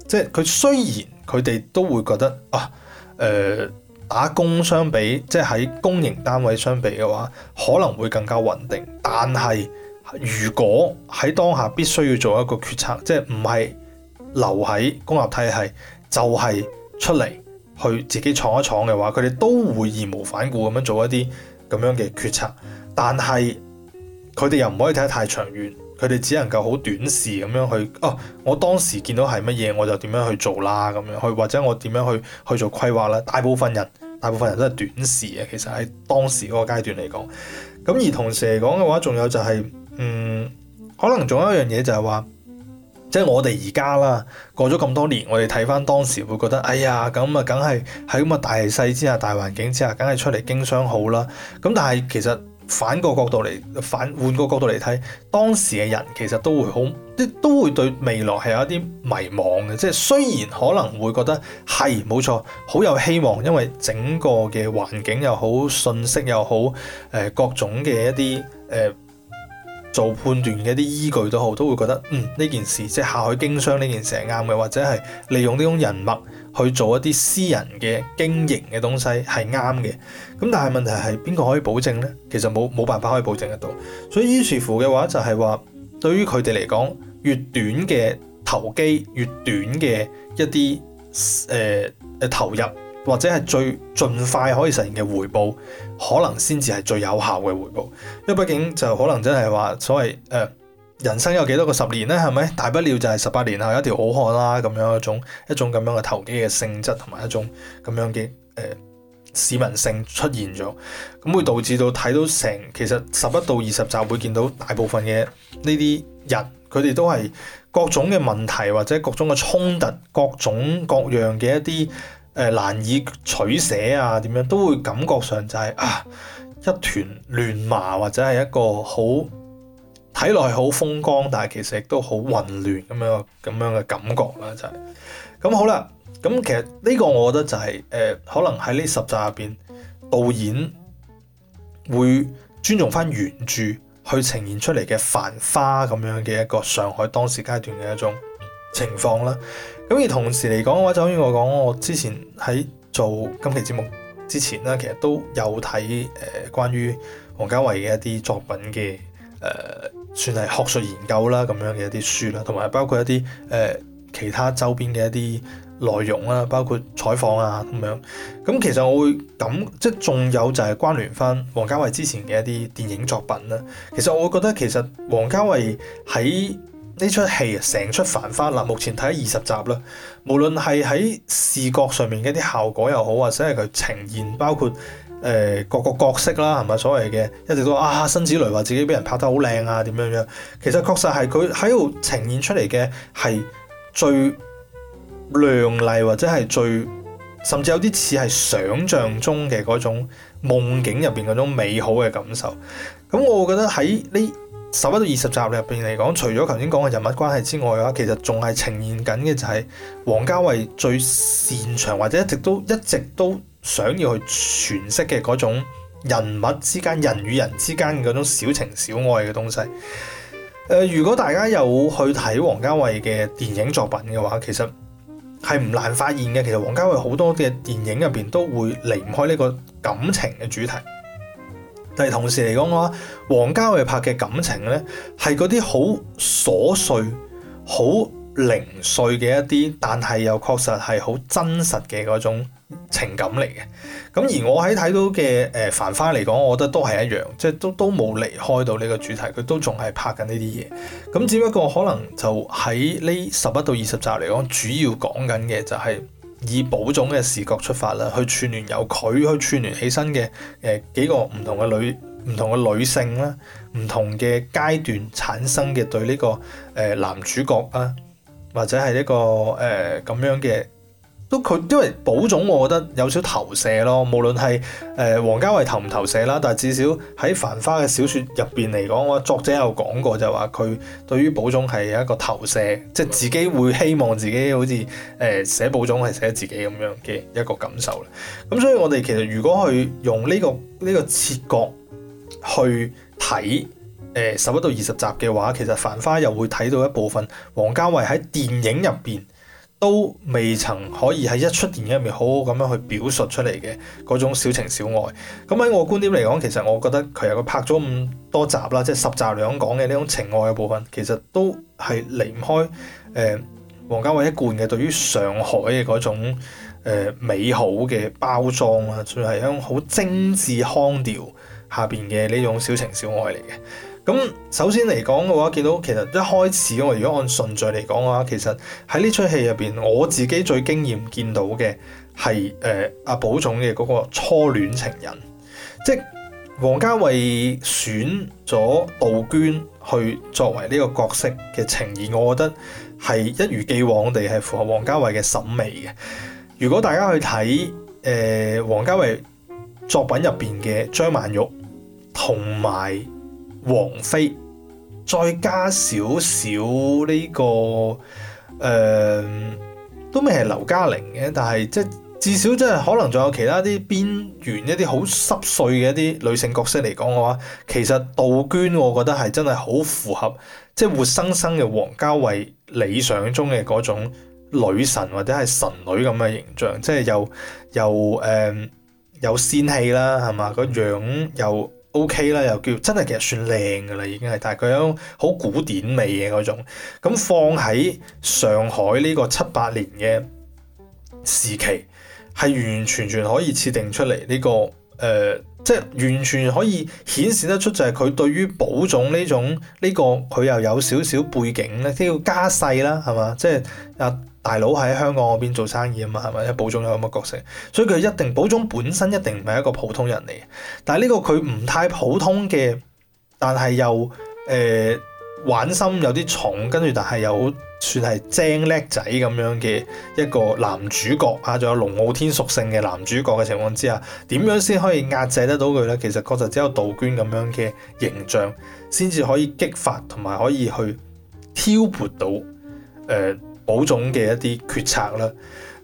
即係佢雖然佢哋都會覺得啊，誒、呃、打工相比，即係喺公營單位相比嘅話，可能會更加穩定。但係如果喺當下必須要做一個決策，即係唔係留喺公立體系，就係出嚟去自己闖一闖嘅話，佢哋都會義無反顧咁樣做一啲咁樣嘅決策。但係佢哋又唔可以睇得太長遠，佢哋只能夠好短視咁樣去，哦，我當時見到係乜嘢，我就點樣去做啦咁樣去，或者我點樣去去做規劃啦。大部分人。大部分人都係短視嘅，其實喺當時嗰個階段嚟講，咁而同時嚟講嘅話，仲有就係，嗯，可能仲有一樣嘢就係話，即係我哋而家啦，過咗咁多年，我哋睇翻當時會覺得，哎呀，咁啊，梗係喺咁嘅大勢之下、大環境之下，梗係出嚟經商好啦。咁但係其實。反個角度嚟，反換個角度嚟睇，當時嘅人其實都會好，啲都會對未來係有一啲迷茫嘅。即係雖然可能會覺得係冇錯，好有希望，因為整個嘅環境又好，信息又好，誒、呃、各種嘅一啲誒、呃、做判斷嘅一啲依據都好，都會覺得嗯呢件事即係下海經商呢件事係啱嘅，或者係利用呢種人脈。去做一啲私人嘅經營嘅東西係啱嘅，咁但係問題係邊個可以保證呢？其實冇冇辦法可以保證得到。所以於是乎嘅話就係話，就是、對於佢哋嚟講，越短嘅投機、越短嘅一啲誒誒投入，或者係最盡快可以實現嘅回報，可能先至係最有效嘅回報。因為畢竟就可能真係話所謂誒。呃人生有幾多個十年咧？係咪大不了就係十八年後一條好漢啦，咁樣一種一種咁樣嘅投機嘅性質，同埋一種咁樣嘅誒、呃、市民性出現咗，咁會導致到睇到成其實十一到二十集會見到大部分嘅呢啲人，佢哋都係各種嘅問題或者各種嘅衝突，各種各樣嘅一啲誒難以取捨啊，點樣都會感覺上就係、是、啊一團亂麻或者係一個好。睇落去好風光，但係其實亦都好混亂咁樣咁樣嘅感覺啦，就係、是、咁好啦。咁其實呢個我覺得就係、是、誒、呃，可能喺呢十集入邊，導演會尊重翻原著去呈現出嚟嘅繁花咁樣嘅一個上海當時階段嘅一種情況啦。咁而同時嚟講嘅話，就好似我講，我之前喺做今期節目之前啦，其實都有睇誒、呃、關於王家衞嘅一啲作品嘅誒。呃算係學術研究啦咁樣嘅一啲書啦，同埋包括一啲誒、呃、其他周邊嘅一啲內容啦，包括採訪啊咁樣。咁其實我會咁即係仲有就係關聯翻王家衞之前嘅一啲電影作品啦。其實我會覺得其實王家衞喺呢出戲啊，成出繁花嗱，目前睇咗二十集啦，無論係喺視覺上面嘅一啲效果又好，或者係佢呈現，包括，誒各個角色啦，係咪所謂嘅一直都啊？辛芷蕾話自己俾人拍得好靚啊，點樣樣？其實確實係佢喺度呈現出嚟嘅係最亮麗或者係最甚至有啲似係想像中嘅嗰種夢境入邊嗰種美好嘅感受。咁我覺得喺呢十一到二十集入邊嚟講，除咗頭先講嘅人物關係之外嘅話，其實仲係呈現緊嘅就係王家衛最擅長或者一直都一直都。想要去詮釋嘅嗰種人物之間、人與人之間嘅嗰種小情小愛嘅東西。誒、呃，如果大家有去睇王家衛嘅電影作品嘅話，其實係唔難發現嘅。其實王家衛好多嘅電影入邊都會離唔開呢個感情嘅主題。但係同時嚟講嘅話，王家衛拍嘅感情呢，係嗰啲好瑣碎、好零碎嘅一啲，但係又確實係好真實嘅嗰種。情感嚟嘅，咁而我喺睇到嘅誒《繁花》嚟講，我覺得都係一樣，即係都都冇離開到呢個主題，佢都仲係拍緊呢啲嘢。咁只不過可能就喺呢十一到二十集嚟講，主要講緊嘅就係以寶總嘅視角出發啦，去串聯由佢去串聯起身嘅誒幾個唔同嘅女、唔同嘅女性啦，唔同嘅階段產生嘅對呢個誒男主角啊，或者係呢個誒咁樣嘅。都佢，因為寶總，我覺得有少投射咯。無論係誒王家衛投唔投射啦，但係至少喺《繁花》嘅小説入邊嚟講，我作者有講過就話佢對於寶總係一個投射，即係自己會希望自己好似誒寫寶總係寫自己咁樣嘅一個感受啦。咁所以我哋其實如果去用呢個呢個切角去睇誒十一到二十集嘅話，其實《繁花》又會睇到一部分王家衛喺電影入邊都未曾可以喺一出電影入面好好咁樣去表述出嚟嘅嗰種小情小愛。咁喺我觀點嚟講，其實我覺得佢有個拍咗咁多集啦，即係十集兩講嘅呢種情愛嘅部分，其實都係離唔開誒、呃，王家衛一貫嘅對於上海嘅嗰種誒、呃、美好嘅包裝啊，仲、就、係、是、一種好精緻腔調下邊嘅呢種小情小愛嚟嘅。咁首先嚟講嘅話，見到其實一開始我如果按順序嚟講嘅話，其實喺呢出戲入邊，我自己最經驗見到嘅係誒阿寶總嘅嗰個初戀情人，即係王家衞選咗杜娟去作為呢個角色嘅情緣，我覺得係一如既往地係符合王家衞嘅審美嘅。如果大家去睇誒、呃、王家衞作品入邊嘅張曼玉同埋。王菲，再加少少呢、呢個，誒、呃、都未係劉嘉玲嘅。但係即係至少即係可能仲有其他啲邊緣一啲好濕碎嘅一啲女性角色嚟講嘅話，其實杜娟我覺得係真係好符合，即係活生生嘅王家衞理想中嘅嗰種女神或者係神女咁嘅形象，即係又又誒有仙氣啦，係嘛？個樣又。O.K. 啦，又叫真係其實算靚噶啦，已經係，但係佢有好古典味嘅嗰種，咁放喺上海呢個七八年嘅時期，係完完全全可以設定出嚟呢、呢個誒、呃，即係完全可以顯示得出就係佢對於保種呢種呢個佢又有少少背景咧，都要加細啦，係嘛？即係啊～大佬喺香港嗰邊做生意啊嘛，係咪？寶總有咁嘅角色，所以佢一定寶總本身一定唔係一個普通人嚟。但係呢個佢唔太普通嘅，但係又誒、呃、玩心有啲重，跟住但係又好算係精叻仔咁樣嘅一個男主角啊，仲有龍傲天屬性嘅男主角嘅情況之下，點樣先可以壓制得到佢呢？其實確實只有杜娟咁樣嘅形象，先至可以激發同埋可以去挑撥到誒、呃保總嘅一啲決策啦，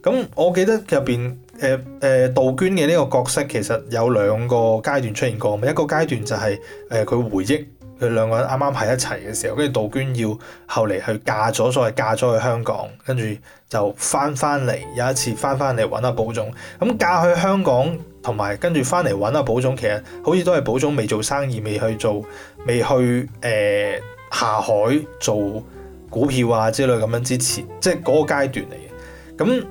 咁我記得入邊誒、誒杜娟嘅呢個角色其實有兩個階段出現過，一個階段就係誒佢回憶佢兩個人啱啱喺一齊嘅時候，跟住杜娟要後嚟去嫁咗，所謂嫁咗去香港，跟住就翻翻嚟，有一次翻翻嚟揾阿保總，咁嫁去香港同埋跟住翻嚟揾阿保總，其實好似都係保總未做生意，未去做，未去誒、呃、下海做。股票啊之類咁樣支持，即係嗰個階段嚟嘅。咁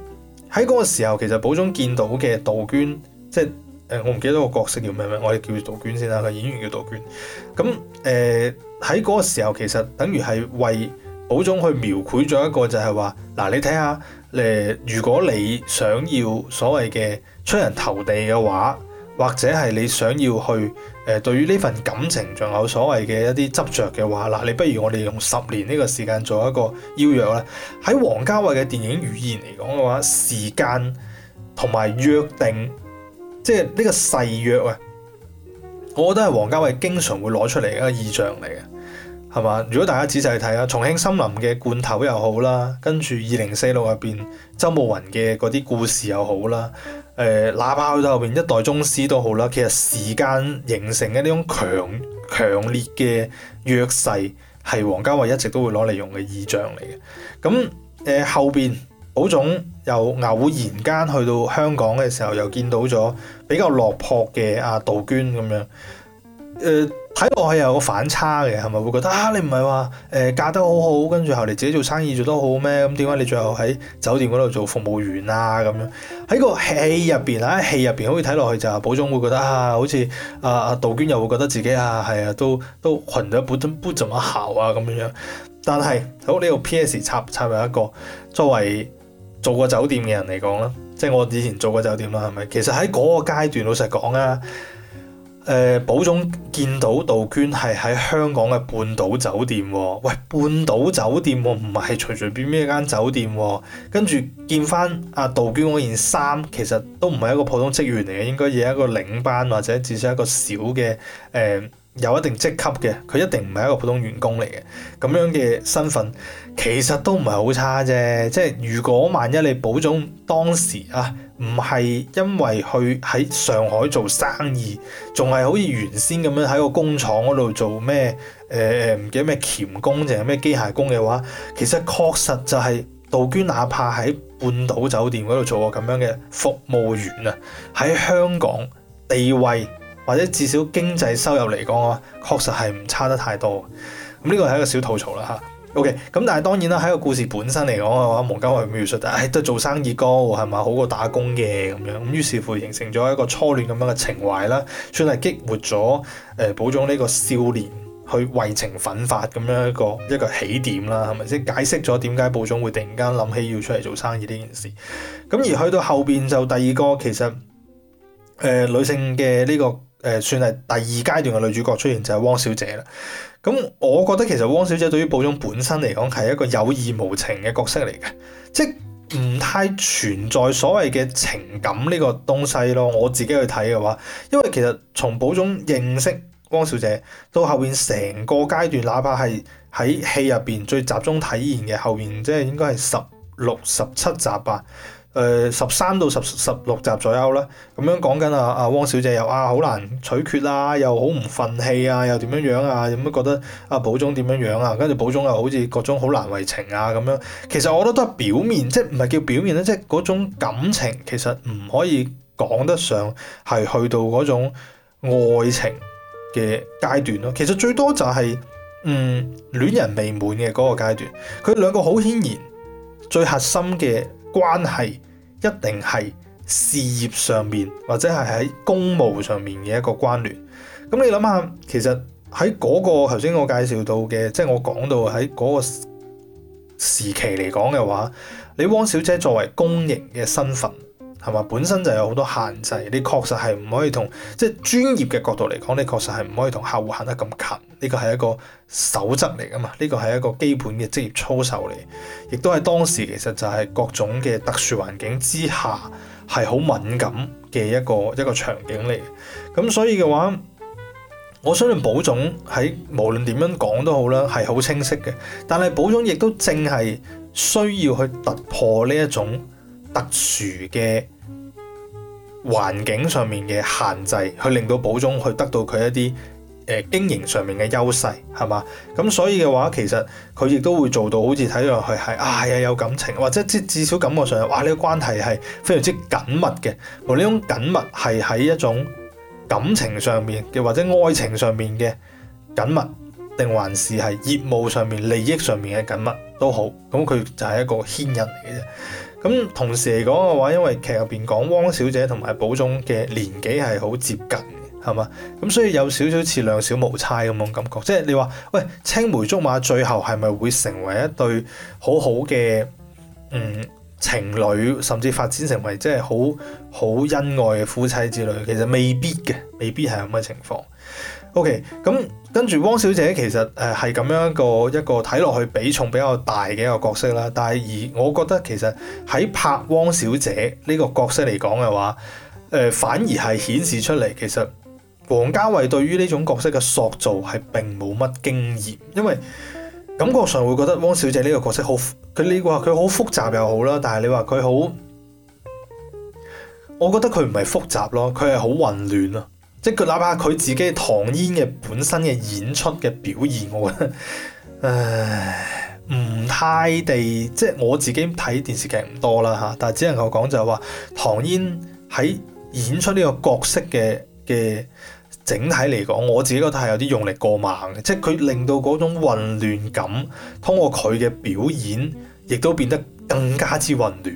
喺嗰個時候，其實寶總見到嘅杜娟，即係誒、呃、我唔記得個角色叫咩名，我哋叫杜娟先啦。個演員叫杜娟。咁誒喺嗰個時候，其實等於係為寶總去描繪咗一個就係話，嗱、呃、你睇下誒，如果你想要所謂嘅出人頭地嘅話。或者係你想要去誒，對於呢份感情仲有所謂嘅一啲執着嘅話，嗱，你不如我哋用十年呢個時間做一個邀約啦。喺王家衞嘅電影語言嚟講嘅話，時間同埋約定，即係呢個誓約啊，我覺得係王家衞經常會攞出嚟嘅一個意象嚟嘅，係嘛？如果大家仔細睇下《重慶森林》嘅罐頭又好啦，跟住《二零四六》入邊周慕雲嘅嗰啲故事又好啦。誒，哪怕去到後邊一代宗師都好啦，其實時間形成嘅呢種強強烈嘅弱勢，係王家衛一直都會攞嚟用嘅意象嚟嘅。咁、嗯、誒、呃、後邊寶總又偶然間去到香港嘅時候，又見到咗比較落魄嘅阿、啊、杜娟咁樣，誒、呃。睇落去又有個反差嘅，係咪會覺得啊？你唔係話誒嫁得好好，跟住後嚟自己做生意做得好咩？咁點解你最後喺酒店嗰度做服務員啊？咁樣喺個戲入邊喺戲入邊好似睇落去就保中會覺得啊，好似啊，杜娟又會覺得自己啊，係啊，都都羣咗本本本咁姣啊咁樣。但係好呢個 P.S. 插插入一個作為做過酒店嘅人嚟講啦，即係我以前做過酒店啦，係咪？其實喺嗰個階段，老實講啊。誒、呃，寶總見到杜娟係喺香港嘅半島酒店喎、啊，喂，半島酒店喎唔係隨隨便便一間酒店喎、啊，跟住見翻阿杜娟嗰件衫，其實都唔係一個普通職員嚟嘅，應該要一個領班或者至少一個小嘅誒。呃有一定職級嘅，佢一定唔係一個普通員工嚟嘅，咁樣嘅身份其實都唔係好差啫。即係如果萬一你寶總當時啊，唔係因為去喺上海做生意，仲係好似原先咁樣喺個工廠嗰度做咩誒唔記得咩鉗工定係咩機械工嘅話，其實確實就係、是、杜娟，哪怕喺半島酒店嗰度做過咁樣嘅服務員啊，喺香港地位，或者至少經濟收入嚟講嘅話，確實係唔差得太多。咁呢個係一個小吐槽啦吓。OK，咁但係當然啦，喺個故事本身嚟講嘅話，王家衛描述，唉、哎，都係做生意高係咪好過打工嘅咁樣。咁於是乎形成咗一個初戀咁樣嘅情懷啦，算係激活咗誒、呃、寶總呢個少年去為情奮發咁樣一個一個起點啦，係咪先解釋咗點解寶總會突然間諗起要出嚟做生意呢件事？咁而去到後邊就第二個其實誒、呃、女性嘅呢、這個。誒算係第二階段嘅女主角出現就係汪小姐啦。咁我覺得其實汪小姐對於保忠本身嚟講係一個有義無情嘅角色嚟嘅，即唔太存在所謂嘅情感呢個東西咯。我自己去睇嘅話，因為其實從保忠認識汪小姐到後邊成個階段，哪怕係喺戲入邊最集中體現嘅後邊，即係應該係十六十七集吧。誒、呃、十三到十十六集左右啦，咁樣講緊啊啊，汪小姐又啊好難取決啦，又好唔憤氣啊，又點樣樣啊，咁、啊、覺得啊寶總點樣樣啊，跟住寶總又好似各種好難為情啊咁樣。其實我覺得都係表面，即係唔係叫表面咧，即係嗰種感情其實唔可以講得上係去到嗰種愛情嘅階段咯。其實最多就係、是、嗯戀人未滿嘅嗰、那個階段，佢兩個好顯然最核心嘅關係。一定係事業上面，或者係喺公務上面嘅一個關聯。咁你諗下，其實喺嗰個頭先我介紹到嘅，即係我講到喺嗰個時期嚟講嘅話，你汪小姐作為公營嘅身份。同埋本身就有好多限制，你確實係唔可以同即係專業嘅角度嚟講，你確實係唔可以同客戶行得咁近，呢個係一個守則嚟㗎嘛，呢個係一個基本嘅職業操守嚟，亦都係當時其實就係各種嘅特殊環境之下係好敏感嘅一個一個場景嚟。咁所以嘅話，我相信寶總喺無論點樣講都好啦，係好清晰嘅，但係寶總亦都淨係需要去突破呢一種。特殊嘅環境上面嘅限制，去令到寶總去得到佢一啲誒、呃、經營上面嘅優勢，係嘛？咁所以嘅話，其實佢亦都會做到好似睇落去係啊，又有感情，或者至少感覺上係哇，呢、這個關係係非常之緊密嘅。無論呢種緊密係喺一種感情上面嘅，或者愛情上面嘅緊密，定還是係業務上面、利益上面嘅緊密都好，咁佢就係一個牽引嚟嘅啫。咁同時嚟講嘅話，因為劇入邊講汪小姐同埋寶總嘅年紀係好接近嘅，係嘛？咁所以有少少似兩小無猜咁種感覺，即係你話喂，青梅竹馬最後係咪會成為一對好好嘅嗯情侶，甚至發展成為即係好好恩愛嘅夫妻之類？其實未必嘅，未必係咁嘅情況。O.K. 咁跟住汪小姐其實誒係咁樣一個一個睇落去比重比較大嘅一個角色啦。但係而我覺得其實喺拍汪小姐呢個角色嚟講嘅話，誒、呃、反而係顯示出嚟，其實王家衞對於呢種角色嘅塑造係並冇乜經驗，因為感覺上會覺得汪小姐呢個角色好，佢你話佢好複雜又好啦，但係你話佢好，我覺得佢唔係複雜咯，佢係好混亂啊！即係佢哪怕佢自己唐嫣嘅本身嘅演出嘅表現，我覺得，唉，唔太地，即係我自己睇電視劇唔多啦吓，但係只能夠講就係話唐嫣喺演出呢個角色嘅嘅整體嚟講，我自己覺得係有啲用力過猛嘅，即係佢令到嗰種混亂感，通過佢嘅表演，亦都變得更加之混亂，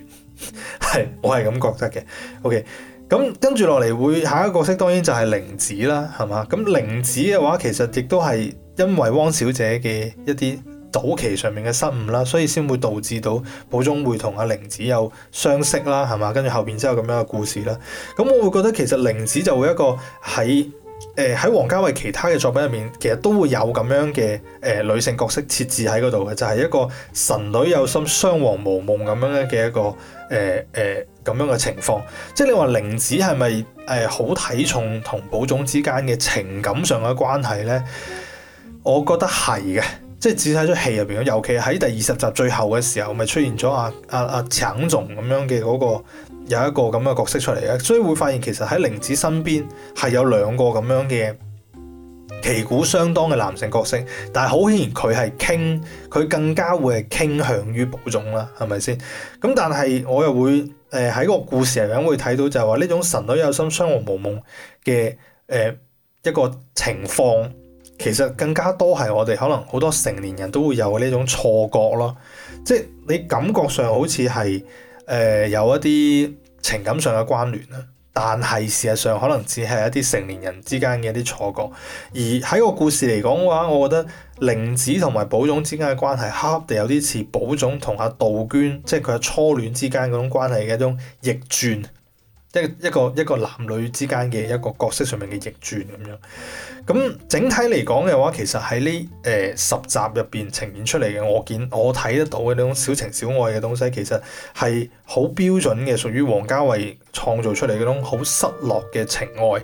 係 我係咁覺得嘅。OK。咁跟住落嚟會下一個角色當然就係玲子啦，係嘛？咁玲子嘅話其實亦都係因為汪小姐嘅一啲早期上面嘅失誤啦，所以先會導致到寶總會同阿玲子有相識啦，係嘛？跟住後邊之後咁樣嘅故事啦。咁我會覺得其實玲子就會一個喺誒，喺王、呃、家衛其他嘅作品入面，其實都會有咁樣嘅誒、呃、女性角色設置喺嗰度嘅，就係、是、一個神女有心，襄王無夢咁樣嘅一個誒誒咁樣嘅情況。即係你話玲子係咪誒好睇重同寶總之間嘅情感上嘅關係咧？我覺得係嘅，即係只睇喺出戲入邊，尤其喺第二十集最後嘅時候，咪出現咗阿阿阿長總咁樣嘅嗰、那個。有一個咁嘅角色出嚟嘅，所以會發現其實喺玲子身邊係有兩個咁樣嘅旗鼓相當嘅男性角色，但係好顯然佢係傾，佢更加會係傾向於寶總啦，係咪先？咁但係我又會誒喺、呃、個故事入邊會睇到就係話呢種神女有心，襄王無夢嘅誒一個情況，其實更加多係我哋可能好多成年人都會有呢種錯覺咯，即係你感覺上好似係誒有一啲。情感上嘅關聯啦，但係事實上可能只係一啲成年人之間嘅一啲錯覺。而喺個故事嚟講嘅話，我覺得玲子同埋寶總之間嘅關係，恰恰地有啲似寶總同阿杜娟，即係佢嘅初戀之間嗰種關係嘅一種逆轉。一一個一個男女之間嘅一個角色上面嘅逆轉咁樣，咁整體嚟講嘅話，其實喺呢誒十集入邊呈現出嚟嘅，我見我睇得到嘅呢種小情小愛嘅東西，其實係好標準嘅，屬於王家衞創造出嚟嗰種好失落嘅情愛。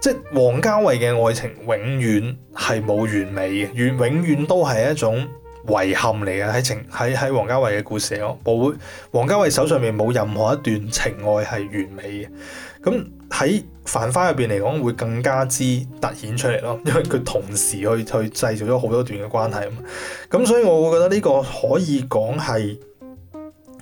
即係王家衞嘅愛情，永遠係冇完美嘅，永遠都係一種，遺憾嚟嘅，喺情喺喺王家衞嘅故事咯，我會，王家衞手上面冇任何一段情愛係完美嘅，咁喺繁花入邊嚟講會更加之突顯出嚟咯，因為佢同時去去製造咗好多段嘅關係嘛，咁所以我會覺得呢個可以講係。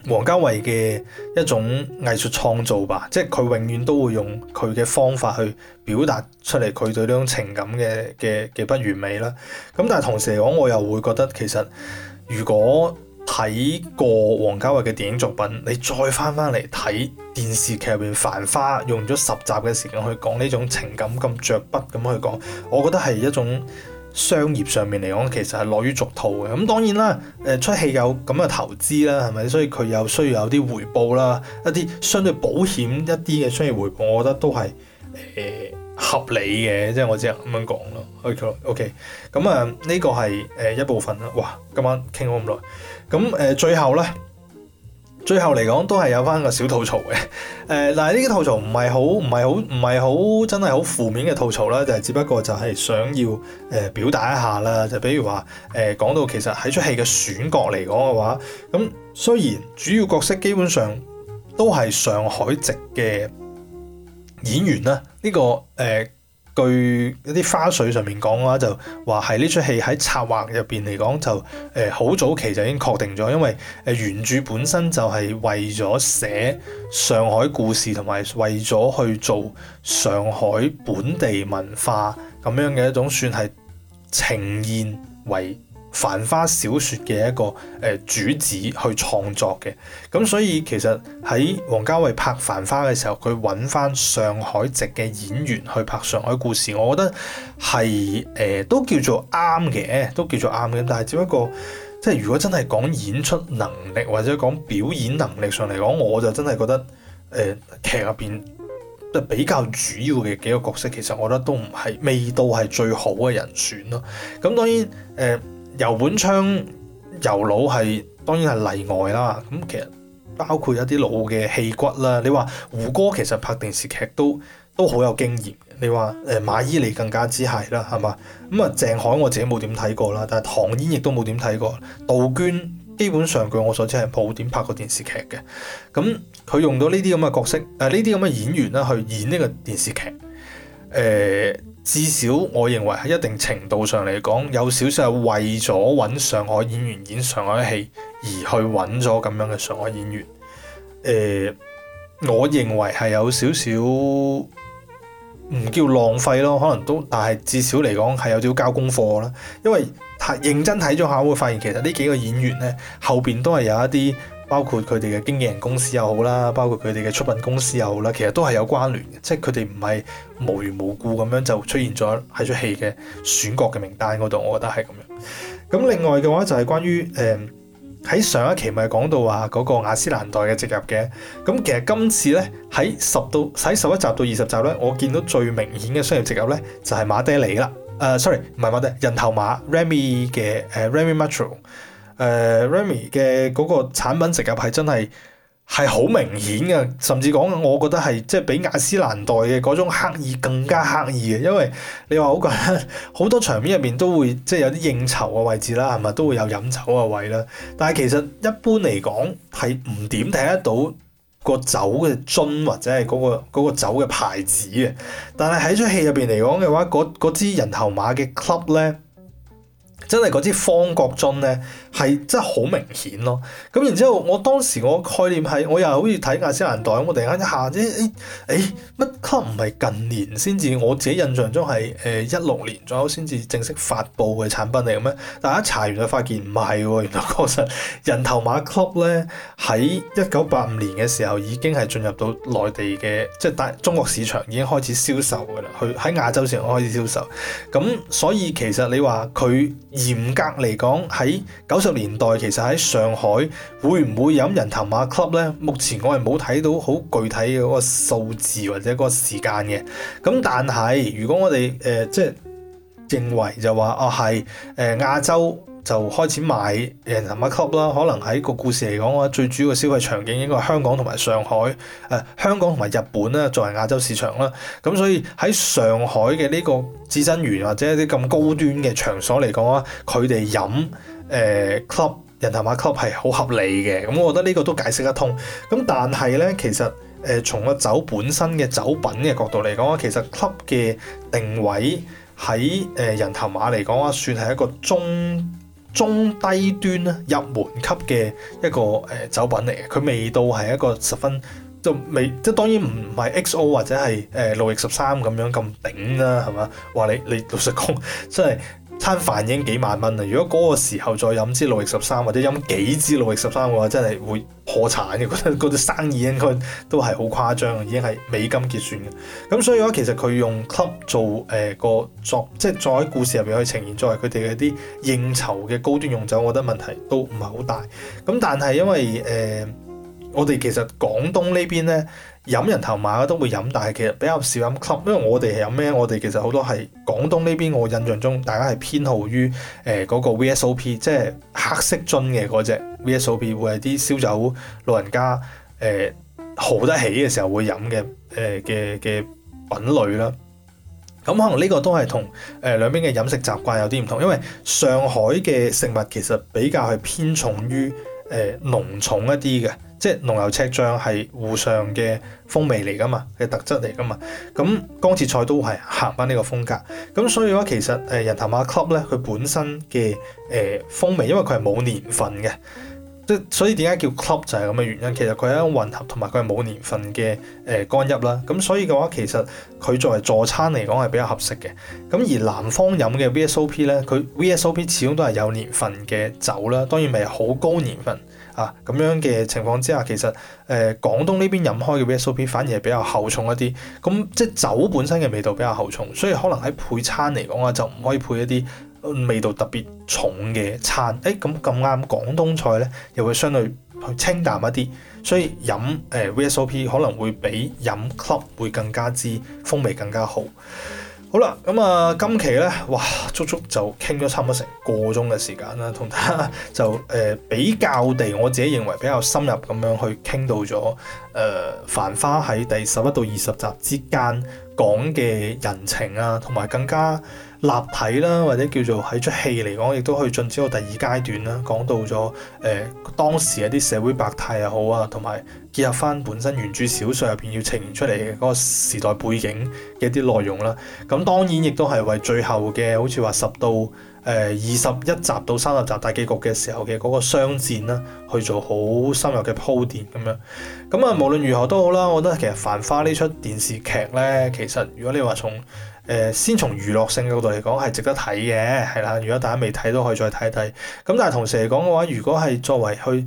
王家衛嘅一種藝術創造吧，即係佢永遠都會用佢嘅方法去表達出嚟佢對呢種情感嘅嘅嘅不完美啦。咁但係同時嚟講，我又會覺得其實如果睇過王家衛嘅電影作品，你再翻翻嚟睇電視劇入邊《繁花》，用咗十集嘅時間去講呢種情感，咁着筆咁去講，我覺得係一種。商業上面嚟講，其實係落於俗套嘅。咁當然啦，誒出戲有咁嘅投資啦，係咪？所以佢又需要有啲回報啦，一啲相對保險一啲嘅商業回報，我覺得都係誒、呃、合理嘅。即係我只係咁樣講咯。O K O K，咁啊呢個係誒、嗯、一部分啦。哇，今晚傾咗咁耐，咁、嗯、誒、嗯、最後咧。最後嚟講，都係有翻個小吐槽嘅、呃。但嗱呢啲吐槽唔係好，唔係好，唔係好真係好負面嘅吐槽啦，就係只不過就係想要誒、呃、表達一下啦。就比如話誒、呃、講到其實喺出戲嘅選角嚟講嘅話，咁雖然主要角色基本上都係上海籍嘅演員啦，呢、呢個誒。呃據一啲花絮上面講嘅話，就話係呢出戲喺策劃入邊嚟講，就誒好早期就已經確定咗，因為誒原著本身就係為咗寫上海故事，同埋為咗去做上海本地文化咁樣嘅一種算係呈現為繁花小説嘅一個誒、呃、主旨去創作嘅，咁所以其實喺王家衛拍繁花嘅時候，佢揾翻上海籍嘅演員去拍上海故事，我覺得係誒都叫做啱嘅，都叫做啱嘅。但係只不過即係如果真係講演出能力或者講表演能力上嚟講，我就真係覺得誒、呃、劇入邊比較主要嘅幾個角色，其實我覺得都唔係未到係最好嘅人選咯。咁當然誒。呃游本昌、游老係當然係例外啦，咁其實包括一啲老嘅戲骨啦。你話胡歌其實拍電視劇都都好有經驗，你話誒、呃、馬伊琍更加之係啦，係嘛？咁、嗯、啊鄭愷我自己冇點睇過啦，但係唐嫣亦都冇點睇過。杜娟基本上據我所知係冇點拍過電視劇嘅，咁、嗯、佢用到呢啲咁嘅角色誒，呢啲咁嘅演員啦去演呢個電視劇誒。呃至少，我認為喺一定程度上嚟講，有少少係為咗揾上海演員演上海戲而去揾咗咁樣嘅上海演員。誒、呃，我認為係有少少唔叫浪費咯，可能都，但係至少嚟講係有少少交功課啦。因為睇認真睇咗下，會發現其實呢幾個演員呢，後邊都係有一啲。包括佢哋嘅經紀人公司又好啦，包括佢哋嘅出品公司又好啦，其實都係有關聯嘅，即係佢哋唔係無緣無故咁樣就出現咗喺出戲嘅選角嘅名單嗰度，我覺得係咁樣。咁另外嘅話就係、是、關於誒喺、嗯、上一期咪講到話嗰個雅詩蘭黛嘅植入嘅，咁、嗯、其實今次咧喺十到喺十一集到二十集咧，我見到最明顯嘅商業植入咧就係、是、馬爹利啦。誒、呃、，sorry，唔係馬爹人頭馬 Remy 嘅誒 Remy Martin、啊、r o 誒、uh, Remy 嘅嗰個產品植入係真係係好明顯嘅，甚至講我覺得係即係比雅詩蘭黛嘅嗰種刻意更加刻意嘅，因為你話好覺好多場面入面都會即係有啲應酬嘅位置啦，係咪都會有飲酒嘅位啦？但係其實一般嚟講係唔點睇得到個酒嘅樽或者係嗰、嗰個嗰個酒嘅牌子嘅。但係喺出戲入邊嚟講嘅話，嗰支人頭馬嘅 club 咧，真係嗰支方國樽咧。係真係好明顯咯，咁然之後，我當時我概念係，我又好似睇亞斯蘭黛咁，我突然間一下子，咦、哎？誒乜 club 唔係近年先至，我自己印象中係誒一六年，左右先至正式發布嘅產品嚟嘅咩？但係一查完就發現唔係喎，原來確實人頭馬 club 咧喺一九八五年嘅時候已經係進入到內地嘅，即係大中國市場已經開始銷售㗎啦，去喺亞洲市場開始銷售。咁所以其實你話佢嚴格嚟講喺九個年代其實喺上海會唔會飲人頭馬 club 咧？目前我係冇睇到好具體嘅嗰個數字或者嗰個時間嘅。咁但係如果我哋誒、呃、即係認為就話啊，係誒、呃、亞洲就開始賣人頭馬 club 啦。可能喺個故事嚟講嘅話，最主要嘅消費場景應該係香港同埋上海誒、呃、香港同埋日本啦，作為亞洲市場啦。咁所以喺上海嘅呢個至真園或者啲咁高端嘅場所嚟講啊，佢哋飲誒、uh, club 人頭馬 club 係好合理嘅，咁我覺得呢個都解釋得通。咁但係咧，其實誒、呃、從個酒本身嘅酒品嘅角度嚟講啊，其實 club 嘅定位喺誒、呃、人頭馬嚟講啊，算係一個中中低端啦，入門級嘅一個誒酒品嚟嘅。佢味道係一個十分就未即係當然唔係 XO 或者係誒、呃、路易十三咁樣咁頂啦、啊，係嘛？話你你老實講真係，餐飯已經幾萬蚊啦！如果嗰個時候再飲支路易十三或者飲幾支路易十三嘅話，真係會破產嘅。覺得嗰啲生意應該都係好誇張，已經係美金結算嘅。咁所以嘅話，其實佢用 club 做誒、呃、個作，即係再喺故事入面去呈現作為佢哋嗰啲應酬嘅高端用酒，我覺得問題都唔係好大。咁但係因為誒、呃，我哋其實廣東呢邊咧。飲人頭馬都會飲，但係其實比較少飲 club。因為我哋係飲咩，我哋其實好多係廣東呢邊。我印象中，大家係偏好於誒嗰、呃那個 VSOP，即係黑色樽嘅嗰隻 VSOP，會係啲燒酒老人家誒、呃、豪得起嘅時候會飲嘅誒嘅嘅品類啦。咁、嗯、可能呢個都係同誒兩邊嘅飲食習慣有啲唔同，因為上海嘅食物其實比較係偏重於誒、呃、濃重一啲嘅。即係濃油赤醬係滬上嘅風味嚟噶嘛，嘅特質嚟噶嘛。咁江浙菜都係合返呢個風格。咁所以嘅話，其實誒人頭馬 club 咧，佢本身嘅誒、呃、風味，因為佢係冇年份嘅，即係所以點解叫 club 就係咁嘅原因。其實佢係一種混合，同埋佢係冇年份嘅誒干邑啦。咁、呃、所以嘅話，其實佢作為佐餐嚟講係比較合適嘅。咁而南方飲嘅 VSOP 咧，佢 VSOP 始終都係有年份嘅酒啦，當然咪好高年份。啊，咁樣嘅情況之下，其實誒、呃、廣東呢邊飲開嘅 VSOP 反而係比較厚重一啲，咁、嗯、即係酒本身嘅味道比較厚重，所以可能喺配餐嚟講啊，就唔可以配一啲、呃、味道特別重嘅餐。誒、欸，咁咁啱廣東菜咧，又會相對清淡一啲，所以飲誒、呃、VSOP 可能會比飲 club 會更加之風味更加好。好啦，咁啊，今期咧，哇，足足就傾咗差唔多成個鐘嘅時、時間啦，同大家就誒、呃、比較地，我自己認為比較深入咁樣去傾到咗誒、呃、繁花喺第十一到二十集之間講嘅人情啊，同埋更加立體啦，或者叫做喺出戲嚟講，亦都可以進展到第二階段啦。講到咗誒、呃、當時一啲社會百態又好啊，同埋結合翻本身原著小説入邊要呈現出嚟嘅嗰個時代背景嘅一啲內容啦。咁當然亦都係為最後嘅好似話十到誒二十一集到三十集大結局嘅時候嘅嗰個商戰啦，去做好深入嘅鋪墊咁樣。咁啊，無論如何都好啦，我覺得其實《繁花》呢出電視劇咧，其實如果你話從誒先從娛樂性角度嚟講係值得睇嘅，係啦。如果大家未睇都可以再睇睇。咁但係同時嚟講嘅話，如果係作為去誒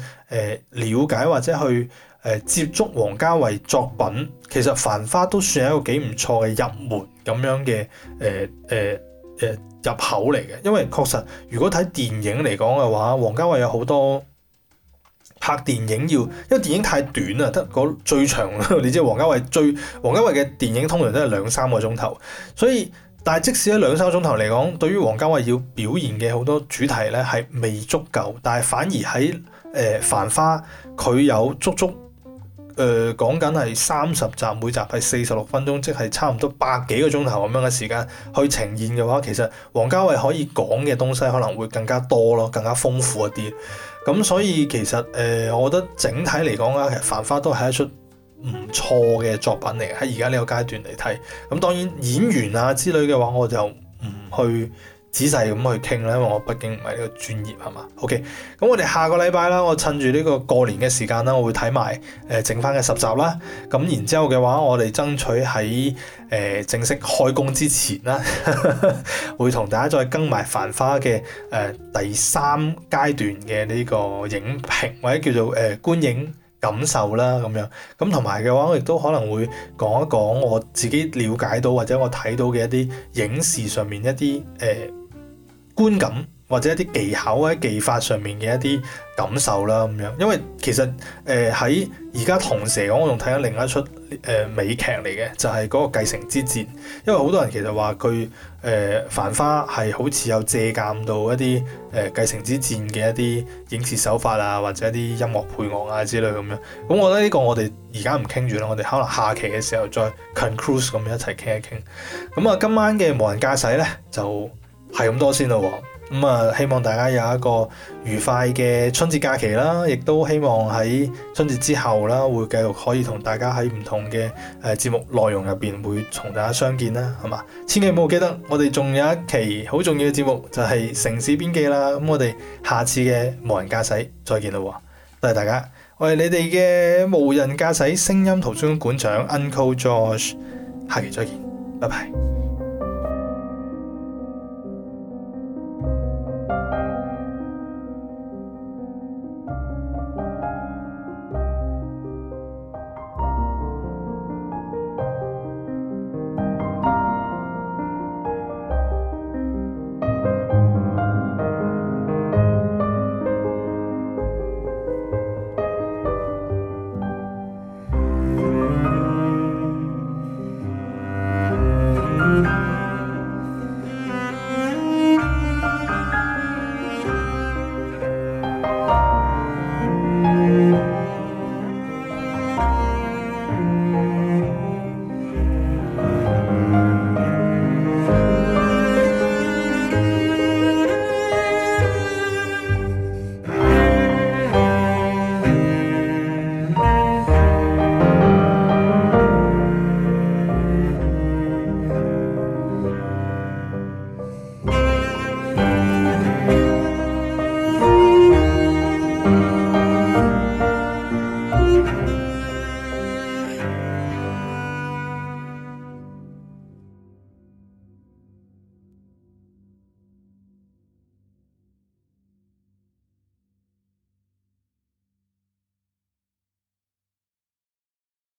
了解或者去誒接觸王家衞作品，其實《繁花》都算係一個幾唔錯嘅入門咁樣嘅誒誒誒入口嚟嘅。因為確實如果睇電影嚟講嘅話，王家衞有好多。拍電影要，因為電影太短啦，得嗰最長，你知道王家衛最，王家衛嘅電影通常都係兩三個鐘頭，所以，但係即使喺兩三個鐘頭嚟講，對於王家衛要表現嘅好多主題咧，係未足夠，但係反而喺誒、呃《繁花》，佢有足足誒講緊係三十集，每集係四十六分鐘，即係差唔多百幾個鐘頭咁樣嘅時間去呈現嘅話，其實王家衛可以講嘅東西可能會更加多咯，更加豐富一啲。咁所以其實誒、呃，我覺得整體嚟講啦，其實《繁花》都係一出唔錯嘅作品嚟嘅，喺而家呢個階段嚟睇。咁當然演員啊之類嘅話，我就唔去仔細咁去傾啦，因為我畢竟唔係呢個專業係嘛。OK，咁我哋下個禮拜啦，我趁住呢個過年嘅時間啦，我會睇埋誒剩返嘅十集啦。咁然之後嘅話，我哋爭取喺誒、呃、正式開工之前啦， 會同大家再跟埋《繁、呃、花》嘅誒第三階段嘅呢個影評或者叫做誒、呃、觀影感受啦咁樣。咁同埋嘅話，我亦都可能會講一講我自己了解到或者我睇到嘅一啲影視上面一啲誒。呃觀感或者一啲技巧啊、技法上面嘅一啲感受啦，咁樣，因為其實誒喺而家同時嚟講，我仲睇緊另一出誒美劇嚟嘅，就係、是、嗰個《繼承之戰》，因為好多人其實話佢誒繁花係好似有借鑒到一啲誒《繼、呃、承之戰》嘅一啲影視手法啊，或者一啲音樂配樂啊之類咁樣。咁我覺得呢個我哋而家唔傾住啦，我哋可能下期嘅時候再 conclude 咁樣一齊傾一傾。咁啊，今晚嘅無人駕駛咧就。係咁多先啦喎，咁、嗯、啊希望大家有一個愉快嘅春節假期啦，亦都希望喺春節之後啦，會繼續可以同大家喺唔同嘅誒、呃、節目內容入邊會同大家相見啦，好嘛？千祈唔好記得，我哋仲有一期好重要嘅節目就係、是、城市編記啦，咁、嗯、我哋下次嘅無人駕駛再見啦喎，多謝大家，我係你哋嘅無人駕駛聲音圖書館館長 Uncle Josh，下期再見，拜拜。